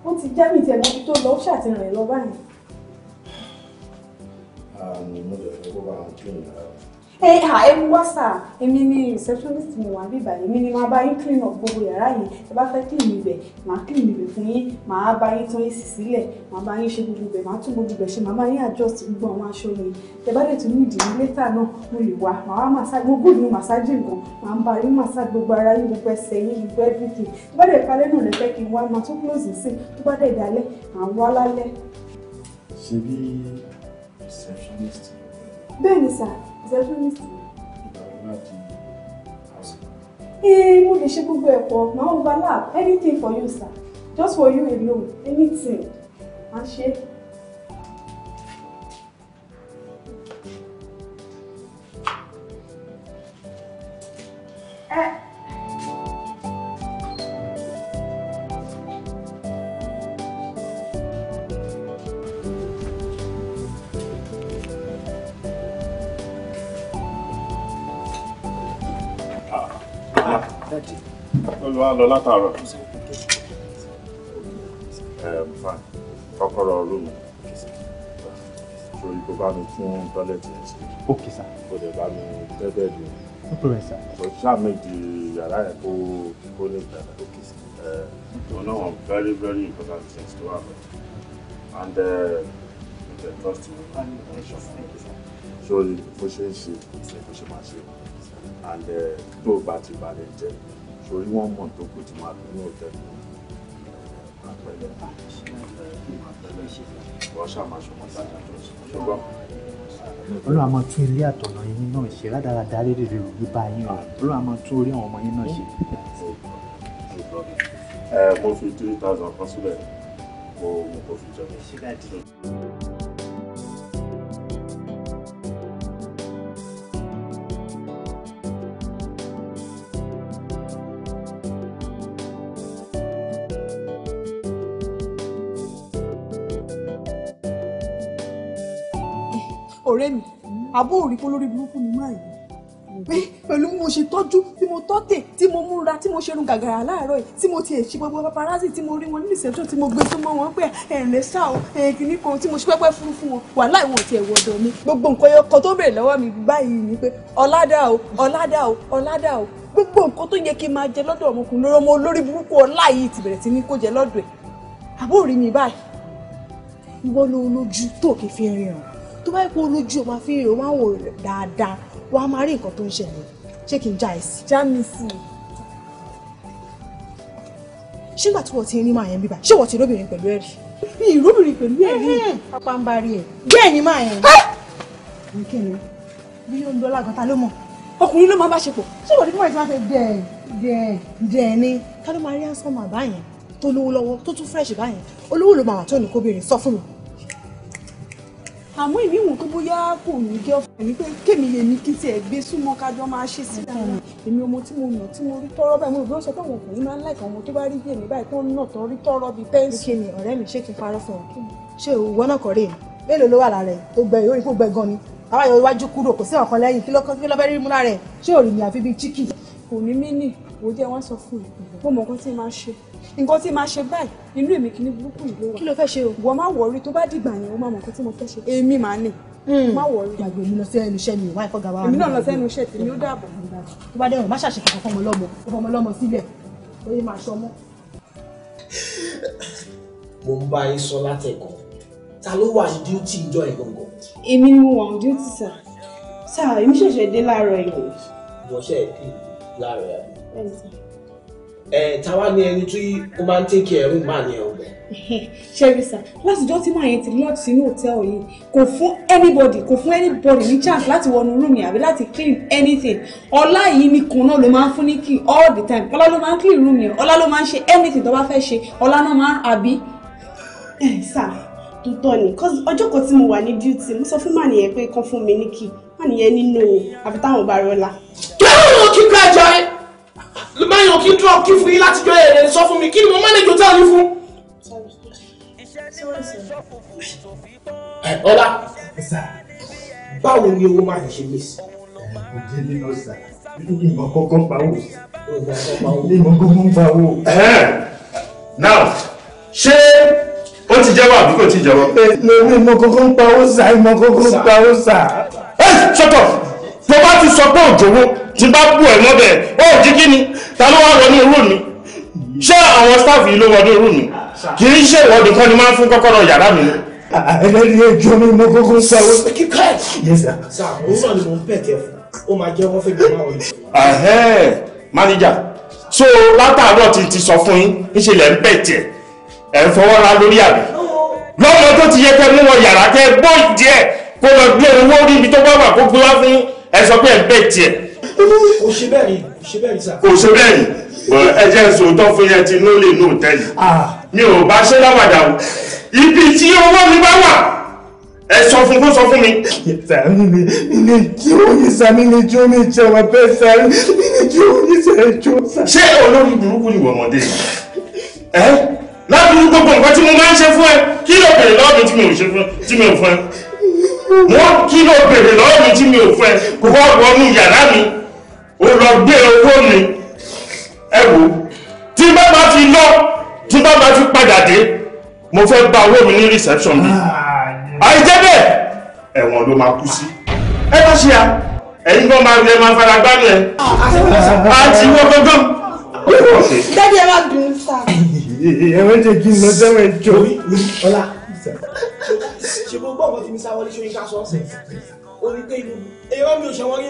Speaker 11: ó ti já mi tẹ̀mọ́ tó lọ ó ṣàtìrìn lọ báyìí.
Speaker 2: àmì ah, mo jẹ̀ fún kó bá wọn kí ìnira rẹ̀.
Speaker 11: ẹ à ẹ mú wásà ni receptionist mi wà bíbà èmi ni bá clean up gbogbo yàrá yìí ẹ bá fẹ́ clean ibẹ̀ màá clean ibẹ̀ fún yín màá bá yín tán èsì sílẹ̀ màá bá yín ṣe gbogbo ibẹ̀ tún gbogbo ibẹ̀ ṣe màá bá yín adjust gbogbo àwọn aṣọ yìí ẹ bá tún ní ìdí náà mo lè wá gbogbo ara yín gbogbo ẹsẹ̀ yín gbogbo everything bá lè n receptionist. ìdàgbàsókè àti house. ee mo lè ṣe gbogbo ẹ̀kọ́ máa ń overlap anything for you sir just for you alone anything máa ṣe é. ẹ
Speaker 2: wá lọ látàárọ̀. kọ́kọ́rọ́ rúùmù sórí kó bá mi tún tọ́lẹ̀tì yẹn ṣe. ok sir. kó lè bá mi tẹ́bẹ̀ẹ́dì. no problem sir. kò sáà méjì yàrá yẹn kó kó ní ìgbàlá. ok sir. ìwọ náà wọn very very important things to have, and uh, you can trust me. sórí bó ṣe ń ṣe bó ṣe máa ṣe and tó o bá ti balẹ̀ jẹ́ torí wọ́n mọ̀ tó kù tí máa bínú òtẹ́ mi àpẹẹrẹ wọ́n ṣàmàṣọmọ tàbí àjọṣe ṣùgbọ́n. Olúwa máa
Speaker 1: tún ilé àtọ̀nà yín náà ṣe rádaràda lédè rẹ̀ òbí bá yín o Olúwa máa tún orí àwọn
Speaker 11: àbó òrìkó lórí burúkú mi máa yìí pẹ̀lú mo ṣe tọ́jú tí mo tọ́tẹ̀ tí mo múra tí mo ṣerun gàgàrà láàárọ̀ yìí tí mo tiẹ̀ ṣe gbogbo paparazzi tí mo rí wọn ní reception tí mo gbé tó mọ́ wọn pé ẹ̀ǹlẹ́ ṣá o ẹ̀ǹkìní kan tí mo ṣe pẹ́pẹ́ fún fún wọn wà láì wọn tiẹ̀ wọ̀dọ̀ mi. gbogbo nǹkan yọkọ tó bèrè lọ́wọ́ mi báyìí ni pé ọ̀làdà o ọ̀làdà o ọ̀làdà o gbogbo nǹkan tó yẹ kí n máa jẹ lọ́dọ̀ ọmọkùnrin tó bá yẹ kó lójú o máa fi rè o máa wò rẹ dáadáa wàá máa rí nǹkan tó ń ṣẹlẹ̀ ṣé kí n já ẹ sí. já mi sí i. ṣé nígbà tí wọ́n ti rí máa yẹn bíbá ṣé wọ́n ti róbìnrin pẹ̀lú ẹ̀ rí. mi ì róbìnrin pẹ̀lú ẹ̀ rí apá ń bá rí ẹ̀ bẹ́ẹ̀ ni máa yẹn. nìkẹ́ni bí yóò ń lọ lágọ̀ta ló mọ̀ ọkùnrin ló máa bá ṣe pọ̀ ṣé wọ́n ti fún ẹ̀ tí wọ́n fẹ́ dẹ̀ dẹ̀ ni ká ló máa rí àǹsán màbá yẹn tó lówó lọ́wọ́ tó tún fẹ́ẹ̀ṣì báyẹn olówó ló máa wà tó ní kóbìnrin sọ fún mi àmọ́ èmi wò pé bóyá kò ní jẹ́ ọ̀fẹ́ ní pé kémi lè ní kí tiẹ̀ gbé súnmọ́ kájọ máa ṣe sí dáadáa èmi ọmọ tí mo nà tí mo rí tọ́rọ́ báyìí mo rò bí sọ pé àwọn ọkùnrin máa ń láìka ọmọ tó bá rí bí èmi báyìí tó ń nà tó rí tọ́rọ́ bíi pẹ́ńsì. kí ni ọ̀rẹ́ mi ṣé kí n parọ́ fún ọ ṣé òwò náà kọ̀ rè é mélòó ló wà lára ẹ̀ tó gbẹ yóò gbẹ gan ni nǹkan tí máa ṣe báyìí inú èmi kìíní burúkú yìí ló wà. kí ló fẹ́ ṣe o. wọ́n máa wọrí tó bá dìgbà yẹn o máa mọ̀ nǹkan tí mo fẹ́ ṣe èmi máa nì hmm.
Speaker 8: má wọrí. gbàgbé mi lọ sí ẹnu iṣẹ́ mi ìwà ìfọ̀gà wa. èmi náà lọ sí ẹnu iṣẹ́ tèmi ó dàbọ̀. tó bá dẹ̀rùn má ṣàṣe kankan fọmọ lọ́mọ fọmọ lọ́mọ sílẹ̀ ó yẹ máa ṣọmọ.
Speaker 1: mo ń bá yín sọ látẹ̀kọ̀ ta ló wà ní ìjọ ẹ̀ ẹ táwa ní ẹni tí ó máa ń tẹ́kì ẹ̀rù máa ní ọgbẹ́.
Speaker 11: ṣẹ́rìsà látijọ́ tí màá yẹn ti lọ́ọ̀tì sínú hòtẹ́ẹ̀lì yìí kò fún anybody kò fún anybody ní chance láti wọnú room yẹn àbí láti clean anything ọlá yìí nìkan náà ló máa ń fún ní kí all the time ọlá ló máa ń clean room yẹn ọlá ló máa ń ṣe anything tó bá fẹ́ ṣe ọlá náà máa ń àbí. Eh, sà tó tọ́ ni ọjọ́ kan tí mo wà ní duty mo sọ fún màá nìyẹn pé kán fún mi ní kí màá nìyẹn nínú àfi táwọn bá rọ́lá. kí
Speaker 3: ló ń kíkọ́ ẹjọ́ yẹn èèyàn kí n drop kí fún yín láti jọ èrè sọ fún mi kí ni mo manage hotel yín fún. ọlá
Speaker 6: báwo ni owó máa ṣe mí sí. kò jẹ́ nínú ọ̀sà mímọ kọ́kọ́ pawó
Speaker 3: mímọ kọ́kọ́ pawó. now ṣé ó ti jẹ́wọ́ àbí kò ti jẹ́wọ́. lórí ìmọ̀ kọ́kọ́ ń pawó sà ìmọ̀ kọ́kọ́ ń pawó sà. ẹ sọ́tọ̀ tó bá ti sọ pé òjòwò tí bá bú ẹ mọ́bẹ̀ ó jí kí ni ta ló wá wọnú irú mi ṣé àwọn staff yìí ló wọnú irú mi kì í ṣe ìwọ́de kan ni máa ń fún kọ́kọ́rọ́ yàrá mi ni. ẹlẹ́ni ẹjọ́ mi mo kókó ń sáwọ́.
Speaker 5: kíkọ́
Speaker 1: ẹ̀ sà òun náà ni mò ń pẹ̀tẹ̀ fún ó máa jẹ́ wọ́n fẹ́ gbé
Speaker 3: manager so látàárọ̀ ti ti sọ fún yín ńṣe lẹ̀ ń pẹ̀tẹ̀ ẹ̀ ń fọwọ́ ra lórí àbí lọ́mọ tó ti yẹ kẹ́ mú wọn yàrá kẹ́ gbọ́ díẹ̀ kó lọ gbé owó rí ibi tó bá wà kó gbé wá fún ẹ sọ pé ẹ̀ ń pẹ̀tẹ̀.
Speaker 6: kò ṣe bẹ́ẹ̀ ni kò ṣe bẹ́ẹ̀
Speaker 3: ni ẹ jẹ́ sòótọ́ fún yẹn tí ló lè nù tẹ́lẹ̀ mi ò bá ṣe láwàdà o ibi tí owó mi bá wà ẹ sọ fún kó sọ fún mi. sàánú mi ilé tí ó yin sa mi lè jó mi jẹ ọmọ bẹ́ẹ̀ sàánú mi lè jó yin sa ẹ jó sa. ṣé olórí burúkú ni wọ̀mọ̀dé ẹ lábúrú gbogbo nǹkan tí mo máa ń ṣe fún ẹ kí ló bèrè lọ́wọ́ mi tí mi ò ṣe fún ẹ tí mi ò fún ẹ
Speaker 5: wọ́n kí ló bèrè lọ́wọ́
Speaker 3: tí mi ò fún ẹ kò wọ́n wọnú yàrá mi ó lọ gbé owó mi ẹ wò tí bá bá ti lọ tí bá bá ti padà dé mo fẹ́ gba owó mi ní reception mi àìjẹ́ bẹ́ẹ̀ ẹ̀wọ̀n ló máa kú sí ẹ bá ṣe à ẹ̀yin kan máa rẹ máa fara gbálẹ̀ àti wọ́n gángan ó wọ̀ ṣe.
Speaker 1: dádì ẹ má bínú sáà.
Speaker 3: ẹ wọ́n jẹ́ kí n lọ
Speaker 6: sẹ́wọ̀n ẹjọ́ ọlá ṣe mo gbọ́ ọ̀gọ́ tí mi sáwọ́lé ṣe ń ká sọ́ọ̀sẹ̀
Speaker 1: ó ní pé ìlú èèyàn mi ò ṣẹ̀wọ́n rí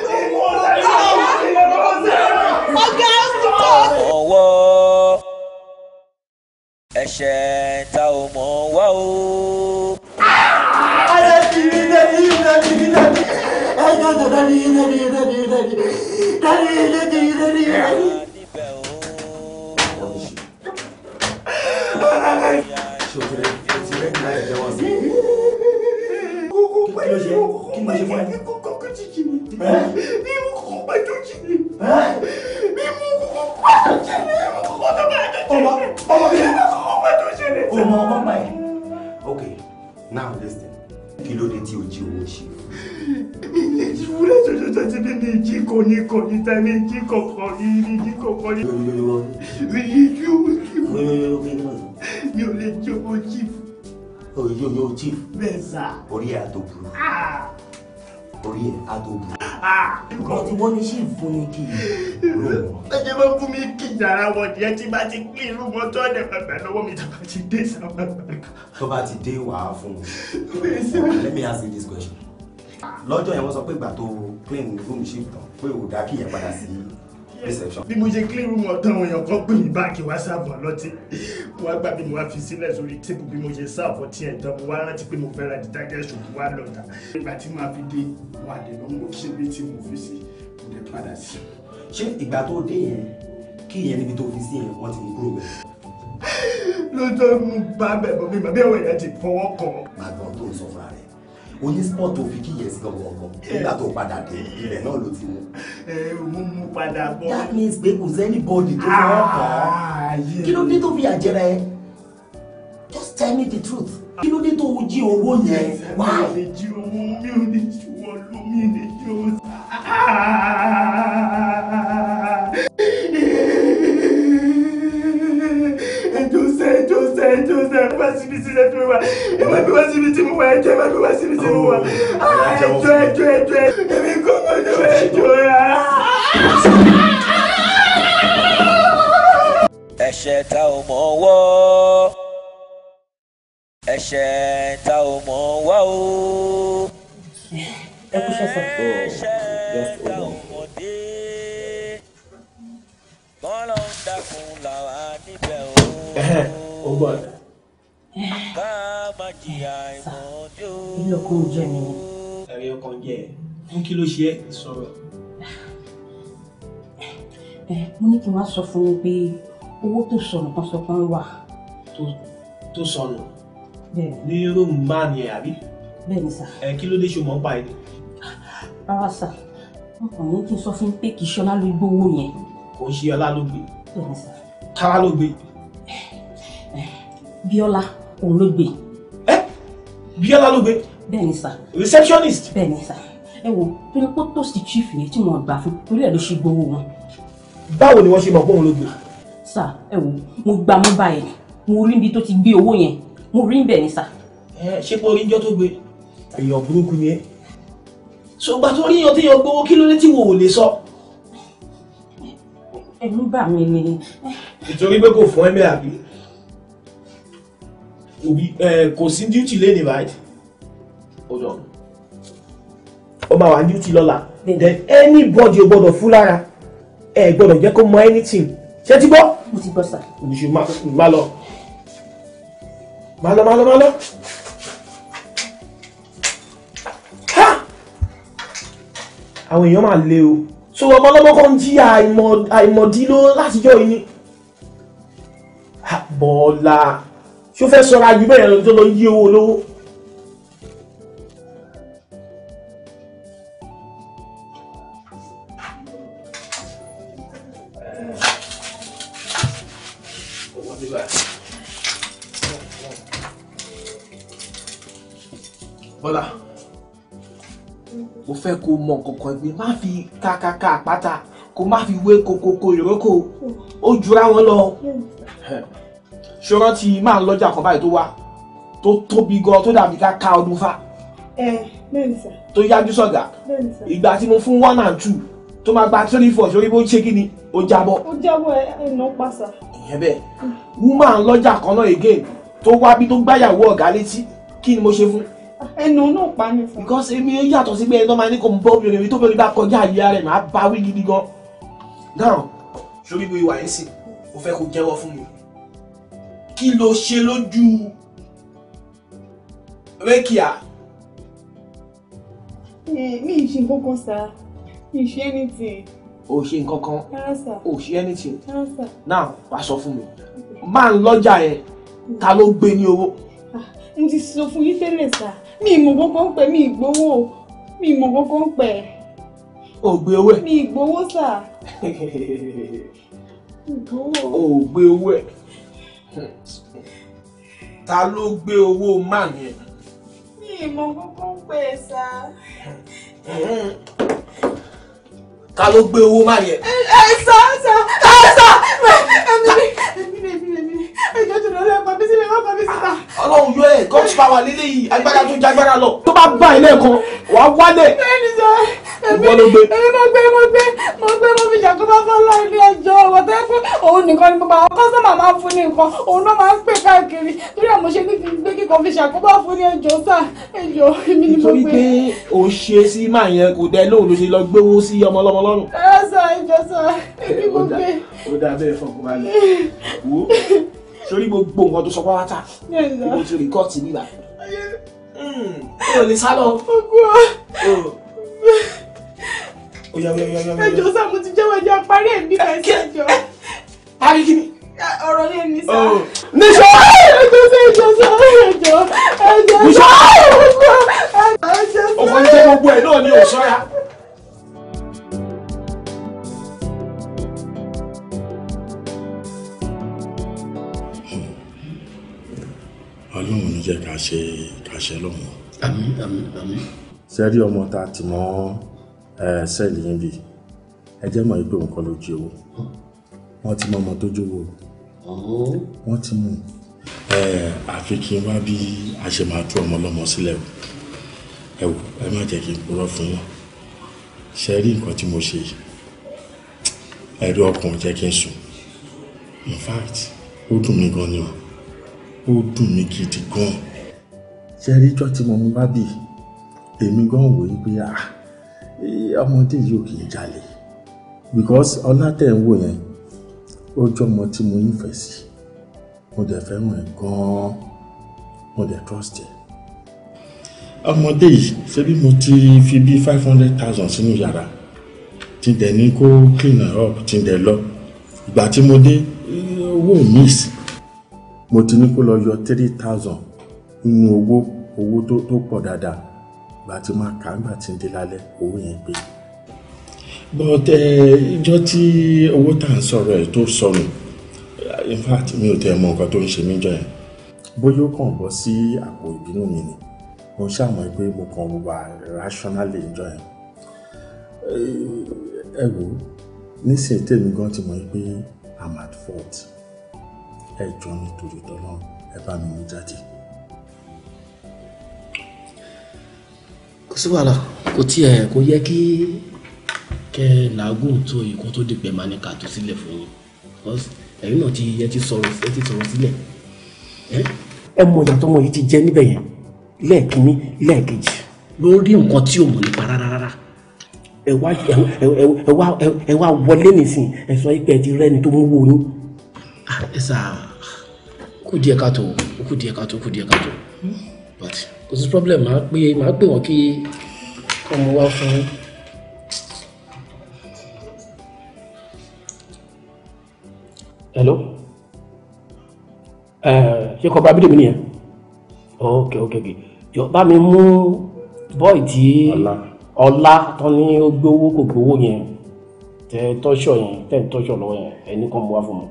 Speaker 4: ọwọ́
Speaker 3: ẹ̀ṣẹ̀ tá ò mọ̀ wá o. ayé kiri lẹ́ni lẹ́ni lẹ́ni ẹ̀yìn ọ̀dọ̀ lẹ́ni lẹ́ni lẹ́ni lẹ́ni lẹ́ni lẹ́ni lẹ́ni lẹ́ni. Kí ló ṣe? Kí ló ṣe
Speaker 5: fún ẹ? Bí mo kọ́kọ́ bá jọ́jì ni ọmọ ọmọ mi
Speaker 6: ọmọ ọmọ mi
Speaker 7: now listen kí ló dé tí o jí owó ṣe.
Speaker 6: ilé ìfúnlẹ̀ ṣoṣoṣo ti ní ní ìjí kò ní kò ní ta ní ìjí kò kò ní ní ìjí kò kò ní. mi chief. mi ò lè jí owó chief. o yóò yóò chief. bẹ́ẹ̀ sà. orí ẹ̀ wọ́n ti wọ́n ní sí ìfúnniki. ẹ̀jẹ̀ máa ń fún mi kí yàrá wọn díẹ̀ tí bá ti kí irú wọn tó ọ̀dẹ̀ pẹ̀pẹ̀ lọ́wọ́ mi tó bá ti dé sábà.
Speaker 1: tó bá ti dé wàá fún un let me ask you this question lọ́jọ́ yẹn wọ́n sọ pé ìgbà tó claim room shift tán pé ò
Speaker 7: dá kí yẹn padà sí reception. bí mo ṣe
Speaker 6: clean room ọ̀tàn àwọn èèyàn kan gbé mi báàgì wá sáàbù ọlọ́tí wá gbà bí mo wá fi sílẹ̀ sórí tébù bí mo ṣe sáàbù ọtí ẹ̀ tán mo wá rántí pé mo fẹ́ ra detergent soap wá lọ́tà. ìgbà tí màá fi dé wà dènà mo ṣe bí tí mo fi sí mo dé padà sí. ṣé ìgbà tó dé yẹn kí ìyẹn níbi tó fi sí yẹn wọ́n ti ń bẹ́ẹ̀. lójó mú bá bẹ̀ bọ̀ mi
Speaker 7: oní sport tó fi kíyè sí gangan nígbà
Speaker 6: tó padà dé ilẹ̀ náà ló ti mú.
Speaker 1: ẹ ò mú padà bọ̀. that means pé kò sẹ́ni bọ́ọ̀dì tó fi wọ́n ah, kàn án kí ló dé tó fi àjẹrẹ just tell me the truth kí ló dé tó o jí owó yẹn why. mi ò ní
Speaker 6: jí owó mi ò ní jí owó lómi ní jí owó. Ah, sílẹ̀ fún wa ẹ má fi wá síbi tí mo wà ẹ jọ̀ọ́ ẹ má fi wá síbi tí mo wà ah, ẹ o. Oh, on ó
Speaker 4: gbọ́dọ̀ sá ilé ọkọ ni. ẹ̀rí ọkàn jẹ ẹ̀ fún kí ló ṣe é sọ̀rọ̀.
Speaker 11: ẹ mo ní kí n wá sọ fún mi pé owó tó sọnù kan sọ kan
Speaker 1: wà. tó sọnù ní róòmù máa ní ẹ àbí. bẹ́ẹ̀ni sá. ẹ kí ló dé ṣe mọ́ pa ẹ ni. rárá sá wọn kàn ní kí n sọ fún pé kì í ṣọlá ló gbówó yẹn. kò ń ṣe ọlá ló gbé. bẹ́ẹ̀ni sá. kára ló gbé. Bíọ́lá òun ló gbé. Bíọ́lá ló gbé. Bẹ́ẹ̀ni Receptionist. Bẹ́ẹ̀ni sà. Ẹ wo torí pé post chief yẹn tí wọ́n gbà fún torí ẹ̀ ló ṣe gbowó wọn. Báwo ni wọ́n ṣe mọ̀ pé òun ló gbé? Sà ẹ wo mo gba mú báyìí mo rí ibi tó ti gbé owó yẹn mo rí bẹ́ẹ̀ ni sà. Ẹ ṣé pé orí ń jọ́ tó gbé? Èèyàn burúkú ni ẹ́. Ṣògbà tó rí yan tí yan gbowó kí ló dé tí wò ò lè sọ?
Speaker 3: Ẹ̀rù bà mí ni. Ìtorí pé kò fún ẹ òbí eh, kò sí duty lẹ́nu right
Speaker 1: hold on ó máa wà duty lọ́la then anybody ò gbọ́dọ̀
Speaker 3: fún lára ẹ gbọ́dọ̀ jẹ́ kó mọ anything ṣé ti gbọ́. mo ti gbọ́ sà. oṣù má lọ má lọ má lọ má lọ.
Speaker 1: àwọn èèyàn máa le o so ọmọ ọlọ́mọ kan jí àìmọ̀dí ló látijọ́ yìí ni.
Speaker 3: bọ́ọ̀lá ṣó fẹ́ sọra yìí bẹ́ẹ̀ lọ tó lọ yí owó olówó.
Speaker 1: bọ́lá mo fẹ́ kó mọ kankan pé má fi kákáká àpáta kó má fi wé kokoko ìrókò ó jura wọn lọ. Hmm ṣọ́rọ́ ti máa ń lọ́jà kan báyìí tó wá tó tóbi gan tó dàbí ká ká ọdún fà.
Speaker 11: ẹ bẹ́ẹ̀ni sà.
Speaker 3: tó yájú sọ̀gà ìgbà tí mo fún one and two tó máa gba three four sórí bó ṣe kí ni ó jábọ́.
Speaker 11: ó jábọ́ ẹnà pàṣà.
Speaker 3: ìyẹn bẹ́ẹ̀
Speaker 1: woman lọ́jà kan náà again tó wá bí tó gbáyàwó ọ̀gá létí kí ni mo ṣe fún. ẹnu náà pa mi fún. because èmi yàtọ̀ sí pé ẹni tó máa ní kò ń bọ́ obìnrin tó bẹ̀rẹ̀ bá kọjá àyè rẹ̀ máa bá wí gidi gan. now sórí bí wàá ń sìn mo fẹ́ kó jẹ́wọ́ fún mi kí ló ṣe lójú rékìá.
Speaker 11: Eh, mi ì ṣe kankan sá mi ì ṣe anything.
Speaker 1: o ṣe nǹkankan o ṣe anything now wá sọ fún mi máa ń lọ́jà yẹn ta ló gbé ní owó.
Speaker 11: Ah, mo ti sọ fún yín tẹ́lẹ̀ sá mi ìmọ̀ kankan pẹ̀ mi ìgbowó mi ìmọ̀ kankan pẹ̀. o gbé owó ẹ. mi ìgbowó sá. ìgbowó. o
Speaker 3: gbé owó ẹ ta ló gbé owó man yẹn.
Speaker 11: mi ìmọ̀ kúkú ń pè é sá.
Speaker 3: ta ló
Speaker 1: gbé owó man yẹn.
Speaker 5: ẹ ẹ sọ sọ ẹ sọ èmi èmi èmi
Speaker 3: ẹjọ́ tó lọ́lọ́ ẹ̀pá mi sílẹ̀ ẹ̀pá mi síta.
Speaker 1: ọlọ́run yọ ẹ god's power lílé yìí agbára tó jágbára lọ. tó bá gbà ilé ẹ̀kan wàá wálẹ̀. bẹ́ẹ̀ni
Speaker 3: sọ èmi èmi mo gbé mo gbé
Speaker 11: mo gbé mo fi ṣàkóbá fọlá ilé ẹjọ́ ọ̀rọ̀ tẹ́ pé òun nìkan ni gbogbo àwọn kọ́sọ́mà máa ń fún ní nǹkan òun náà máa ń pè káàkiri torí àmọ́ ṣe ní gbé kíkan fi ṣàkóbá fún ní ẹjọ́ sà ẹjọ́
Speaker 1: èmi ni
Speaker 6: mo gbé. nítorí pé ò ń ṣe sí máa yẹn kò dẹ lóhùn ló ṣe lọ gbówó sí ọmọlọmọ lọ́rùn.
Speaker 1: ẹ sọ ẹjọ́ sọ èmi mo gbé. ó dà bẹ́ẹ̀ fọkùnrin wo sórí gbogbo nǹkan tó sọ pátá mo ti rìkọ́ọ̀tì nígbà yìí o lè sá lọ.
Speaker 5: Oh.
Speaker 3: ẹjọ sá mo ti jẹ́wọ́ ẹjọ́ parí ẹ̀mí kan sí ẹjọ́. parí kí ni. ọ̀rọ̀ yẹn ní sá. Oh. níṣọ́ ẹjọ́ sá ẹjọ́ sá ẹjọ́ ẹjọ́ sá ẹjọ́ sá.
Speaker 5: ọkọ̀ ń jẹ́ gbogbo ẹ̀ náà ni ò sọ́ra.
Speaker 2: jẹ́ ká ṣe ká ṣe lọ́mọ. àmín àmín àmín. sẹ́rí ọmọ tá a ti mọ sẹ́ẹ̀lì yín bì ẹ jẹ́ mọ̀ pé nǹkan ló jí owó wọ́n ti mọ ọmọ tó o wọ́n ti mú àfi kí n wá bí a ṣe máa tú ọmọ lọ́mọ sílẹ̀ o ẹ wò ẹ má jẹ́ kí n purọ́ fún wọn ṣe rí nǹkan tí mo ṣe yìí ẹ̀rọ ọkàn jẹ́ kí n sùn in fact ó dùn mí gan ni o ó dùn mí gidi gan ṣe rí ijọ́ tí mo mú bá bì èmi gan wò ó pé ah, ọmọdé yìí ò kì í jalè because ọlátẹ̀wò yẹn ó jọ ọmọ tí mo nífẹ̀ẹ́ sí mo dẹ̀ fẹ́ràn ẹ̀ gan-an mo dẹ̀ trust ẹ̀ ọmọdé yìí ṣebí mo ti fi bí five hundred thousand sínú yàrá tí dẹ̀ ní kó clean up tí dẹ̀ lọ ìgbà tí mo dé owó miss mo ti ní kó lọ yọ three thousand nínú owó owó tó tó pọ̀ dáadáa gbà tí máa kà nígbà tí ń dé lálẹ́ owó yẹn pé. but eh, ìjọ tí owó tá à ń sọ̀rọ̀ ẹ̀ tó sọnù in fact mi ò tẹ́ mọ nǹkan tó ń ṣe mí jọ yẹn. bóyá ó kàn bọ́ sí àpò ìbínú mi ni mo ṣàmọ́ pé mo kàn wà rationally ìjọ yẹn. Eh, ẹ wò nísìnyí tèmi gan ti mọ̀ pé i'm at fault ẹ jọ nítorí tọ́lọ́ ẹ bá mi mú jáde. kò sí wàhálà kò tiẹ̀ kò yẹ kí kẹ làágùn
Speaker 1: tó yìí kó tó dìgbẹ́ máa ní ká tó sílẹ̀ fún yín ẹ̀yin náà ti yẹ ti sọ̀rọ̀ ẹ ti sọ̀rọ̀
Speaker 9: sílẹ̀ ẹ mọ ìyàtọ̀ ọmọ yìí ti jẹ níbẹ̀ yẹn lẹ́ẹ̀kínní lẹ́ẹ̀kejì lórí nǹkan tí o mọ̀ nípa rárá rárá ẹ wá ẹ wá wọlé nìsín ẹ sọ pé ẹ ti rẹ́ni tó mú wo ni. Ah, ẹ sáà
Speaker 1: kù díẹ̀ káàtó ó kù díẹ̀ káàtó ó kù díẹ̀ káàtó but kò sí problem màá pè màá pè wọ́n kí ọmọ wa fún.
Speaker 9: hello eh, ṣé kọ́ bá bídèmí nìyẹn
Speaker 1: ok ok ok
Speaker 9: jọ bá mi mú bọ́ì tí ọlá tó ní ó gbowó kò gbowó yẹn tẹ tọ́ṣọ̀ yẹn tẹ̀ ń tọ́ṣọ̀ lọ́wọ́ yẹn ẹni kan mú wá fún mi.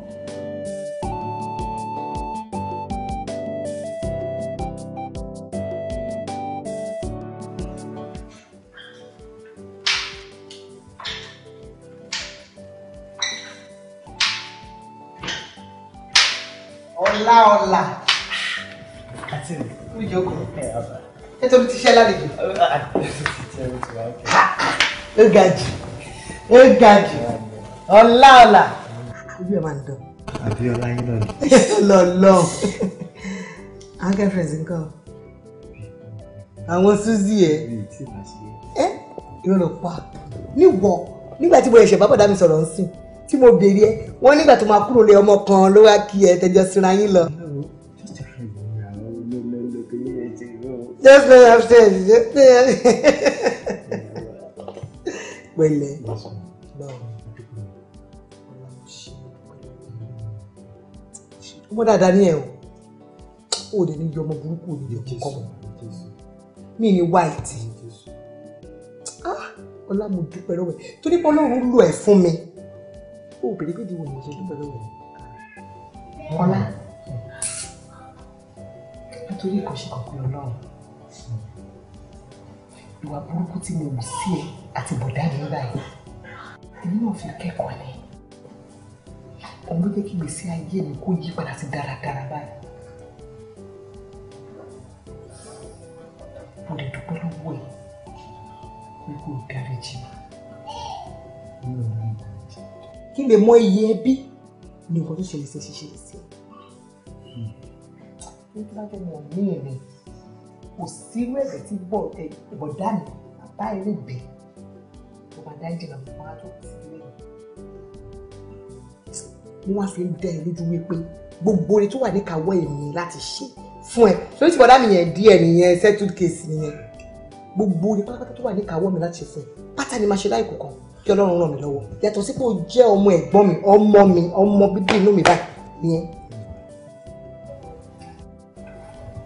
Speaker 1: ọ̀la kú jókòó nítorí ti ṣẹ́ lálejò. ó ga jù ó ga jù ọ̀la ọ̀la ojú ẹ̀ máa ń dán.
Speaker 5: Abiola yín náà ni.
Speaker 1: lọ́lọ́ àwọn girlfriends ń kọ́ àwọn Suzy ẹ̀ ẹ́ ìrọ̀lọ́pàá níwọ̀ nígbà tí mo ẹ̀ṣẹ̀ bá bọ̀dá mi sọ̀rọ̀ ń sìn tí mo béèrè ẹ wọn nígbà tó máa kúrò lé ọmọ kan ló wá kí ẹ tẹjọ síra yín lọ. just go upstairs just go pẹ̀lẹ́ ọmọ dáadáa ní ẹ o o lè ní yọ ọmọ burúkú ò ní yọ kọkọ mi ni white ah ọlá mo dúpẹ́ lọ́wọ́ torí pé ọlọ́run lò ẹ̀ fún mi o bèrè pé ìdíwọ̀n ìmọ̀ ṣe dúpẹ́ lọ́wọ́ ẹ̀. ọlá nítorí kò ṣe kọ̀ọ̀kan ọlọ́run ìwà burúkú tí mo wù sí ẹ àti bọ̀dá mi báyìí èmi náà fi kẹ́kọ̀ọ́ ni òun ló jẹ́ kí gbèsè ayé mi kó yí padà sí dáradára báyìí. mo lè dúpẹ́ lọ́wọ́ ẹ̀ wípé o dáríjì mi kí n lè mọ iye ẹbí ni nǹkan tó ṣẹlẹ̀ sí ṣíṣe sí ẹ. nígbà tó mọ̀ ní ìrìn kò sí rẹ̀rẹ̀ tí bọ̀ tẹ ìbọ̀dá mi bàbá ilé bẹ̀ tó bá dájú náà mo máa tó sí ilé mi. wọ́n wá fi ń dá ẹ lójú wípé gbogbo orin tó wà ní kàwọ́ èmi láti ṣe fún ẹ lórí ti bọ̀dá mi yẹn díẹ̀ nìyẹn settled case nìyẹn gbogbo orin pátápátá tó wà ní kàwọ́ mi láti ṣe fún ẹ pátá ni máa ṣe láì kọ̀ọ̀kan kí ọlọ́run ràn mí lọ́wọ́ yàtọ̀ sí pé o jẹ́ ọmọ ẹ̀gbọ́n mi ọmọ mi ọmọ bíbí inú mi báyìí yẹn.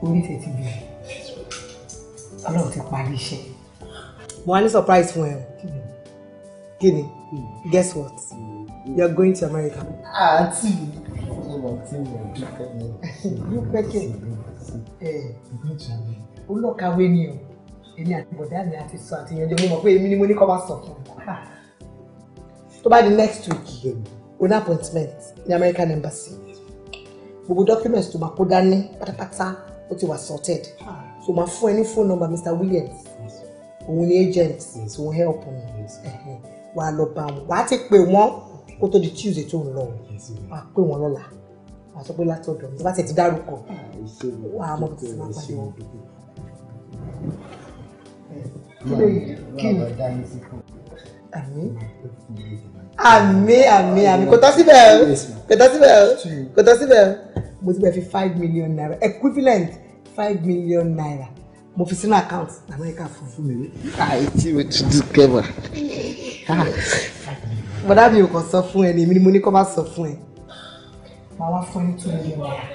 Speaker 1: orí tẹ̀ ti bì ọlọ́run ti parí iṣẹ́. mo wá ní surprise fún ẹ o kí ni guess what you are going to America. àǹtí ìwọ tí mo dúpẹ́ mi. dúpẹ́ kí ẹ ó lọ kàwé ni o èmi àti bọ̀dá mi àti sọ àti ìyànjẹ mo mọ̀ pé èmi ni mo ní kọ́ bá sọ fún un tó bá di next week o ní appointment ní American Embassy gbogbo documents tó máa kó dání pátápátá ó ti wà sorted so máa fún ẹ ní phone number Mr. Williams òun ni agent tó ń help mi wàá lọ bá wọn wàá ti pè wọn kó tó di Tuesday tó ń lọ wàá pè wọn lọ́la wàá sọ pé látọ̀dọ̀ mi
Speaker 2: tó bá ti ti dárúkọ wàá mọ̀ bí wọ́n pàdé wọn.
Speaker 1: kí ló kí ni àmì àmì àmì àmì kò tọ́ síbẹ̀ o kò tọ́ síbẹ̀ o kò tọ́ síbẹ̀ o mo ti bẹ̀ fi five million naira equivalent five million naira mo fi sínú account amẹ́ríkà fún fún mi. àìtí ah, o ti dùn kẹ́mà. Ah. bọ́dá mi ò kàn sọ fún ẹ ní èmi ni mo ní kó má sọ fún ẹ. màá wá fún ẹ ní two million naira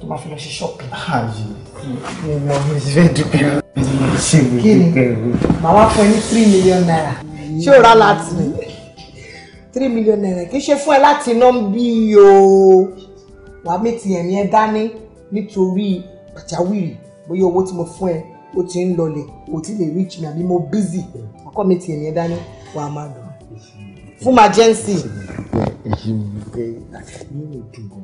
Speaker 1: tó bá fi lọ ṣe ṣọ́ọ̀pì. Ah, ààyè mo mọ mi fẹ́ dúpẹ́ ṣé mo dúpẹ́ o. màá wá fún ẹ ní three million naira ṣé o rà láti mi three million naira kì í ṣe fún ẹ láti iná ń bí o wàá mi ti ẹ̀mí ẹ dání nítorí pàjáwìrì bóyá owó tí mo fún ẹ ó ti ń lọlẹ̀ kò tí lè reach mi àbí mo busy ọkọ mi ti ẹ̀mí ẹ dání wàá máa lò fún ma jẹ́ǹsì.
Speaker 2: èyí mi fẹ́ nínú ìdúró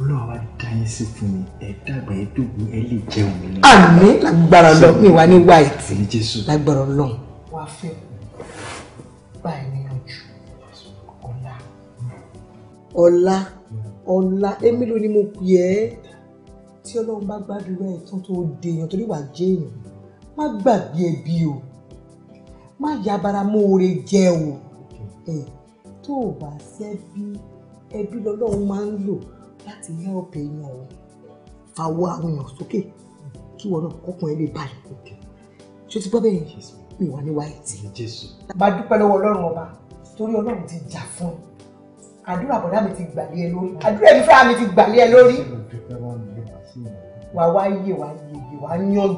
Speaker 2: olóòwò wa dá yín sí fún mi ẹ dàgbà ẹ dògún ẹ lè jẹun mi. àmì lágbára lọ mi wà
Speaker 1: ní wáìtì lágbára Ọlọ́run wàá fẹ́. ọ̀la ọ̀la èmi ló ni mo pè ẹ́ tí ọlọ́run bá gbàdúrà ẹ̀ tán tó de èèyàn torí wàá jẹ́ èèyàn má gbàgbé ẹbí o má yabara mọ́ọ̀rẹ́ jẹ o ẹ̀ tó o bá sẹ́bí ẹbí lọ́lọ́run máa ń lò láti help èèyàn o fàwọ àwọn èèyàn sókè kí wọn náà ọkùnrin lè balẹ̀ ṣé o ti gbọ́ bẹ́ẹ̀ mi wà ní wáyé tí. bá dúpẹ́ lọ́wọ́ ọlọ́run ọba torí ọlọ́run ti jà fún un àdúrà bọ̀dá mi ti gbàlẹ́ ẹ lórí àdúrà ẹni fúnra mi ti gbàlẹ́ ẹ lórí. wà á wá yé wà á yege wà á yanjú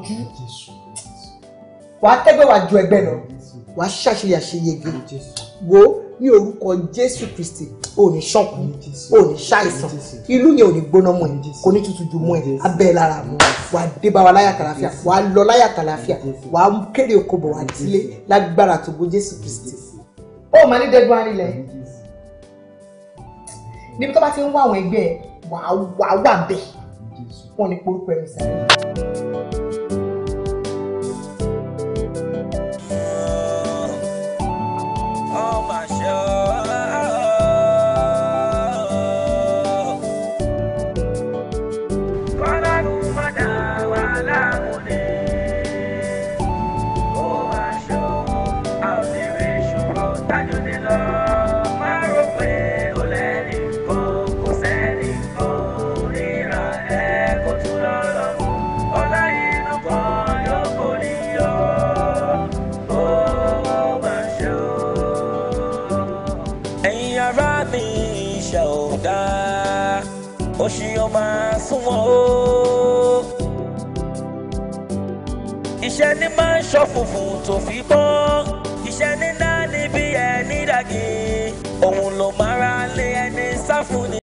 Speaker 1: wà á tẹ́gbẹ́ wà á ju ẹgbẹ́ lọ wà á ṣàṣeyà ṣe yege wo ní orúkọ Jésù Kristi ò ní ṣọ́ọ̀kù ò ní ṣàìsàn ìlú yẹn ò ní gbóná mọ́ ẹ kò ní tutù ju mọ́ ẹ abẹ́ lára mọ́ wà á dé bá wa láyà kàlàfíà wà á lọ láyà kàlàfíà wà á kéde okòbò wà á dílé lágbára tó bó Jésù Kristi. ó mà ní dẹ́gbọ́n á nílẹ̀ yìí níbi tó bá ti ń wá àwọn ẹgbẹ́ ẹ̀ wàá wà bẹ́ẹ̀ wọ́n ní porúkọ ẹ̀mí sáré.
Speaker 4: òfò tó fi bọ́.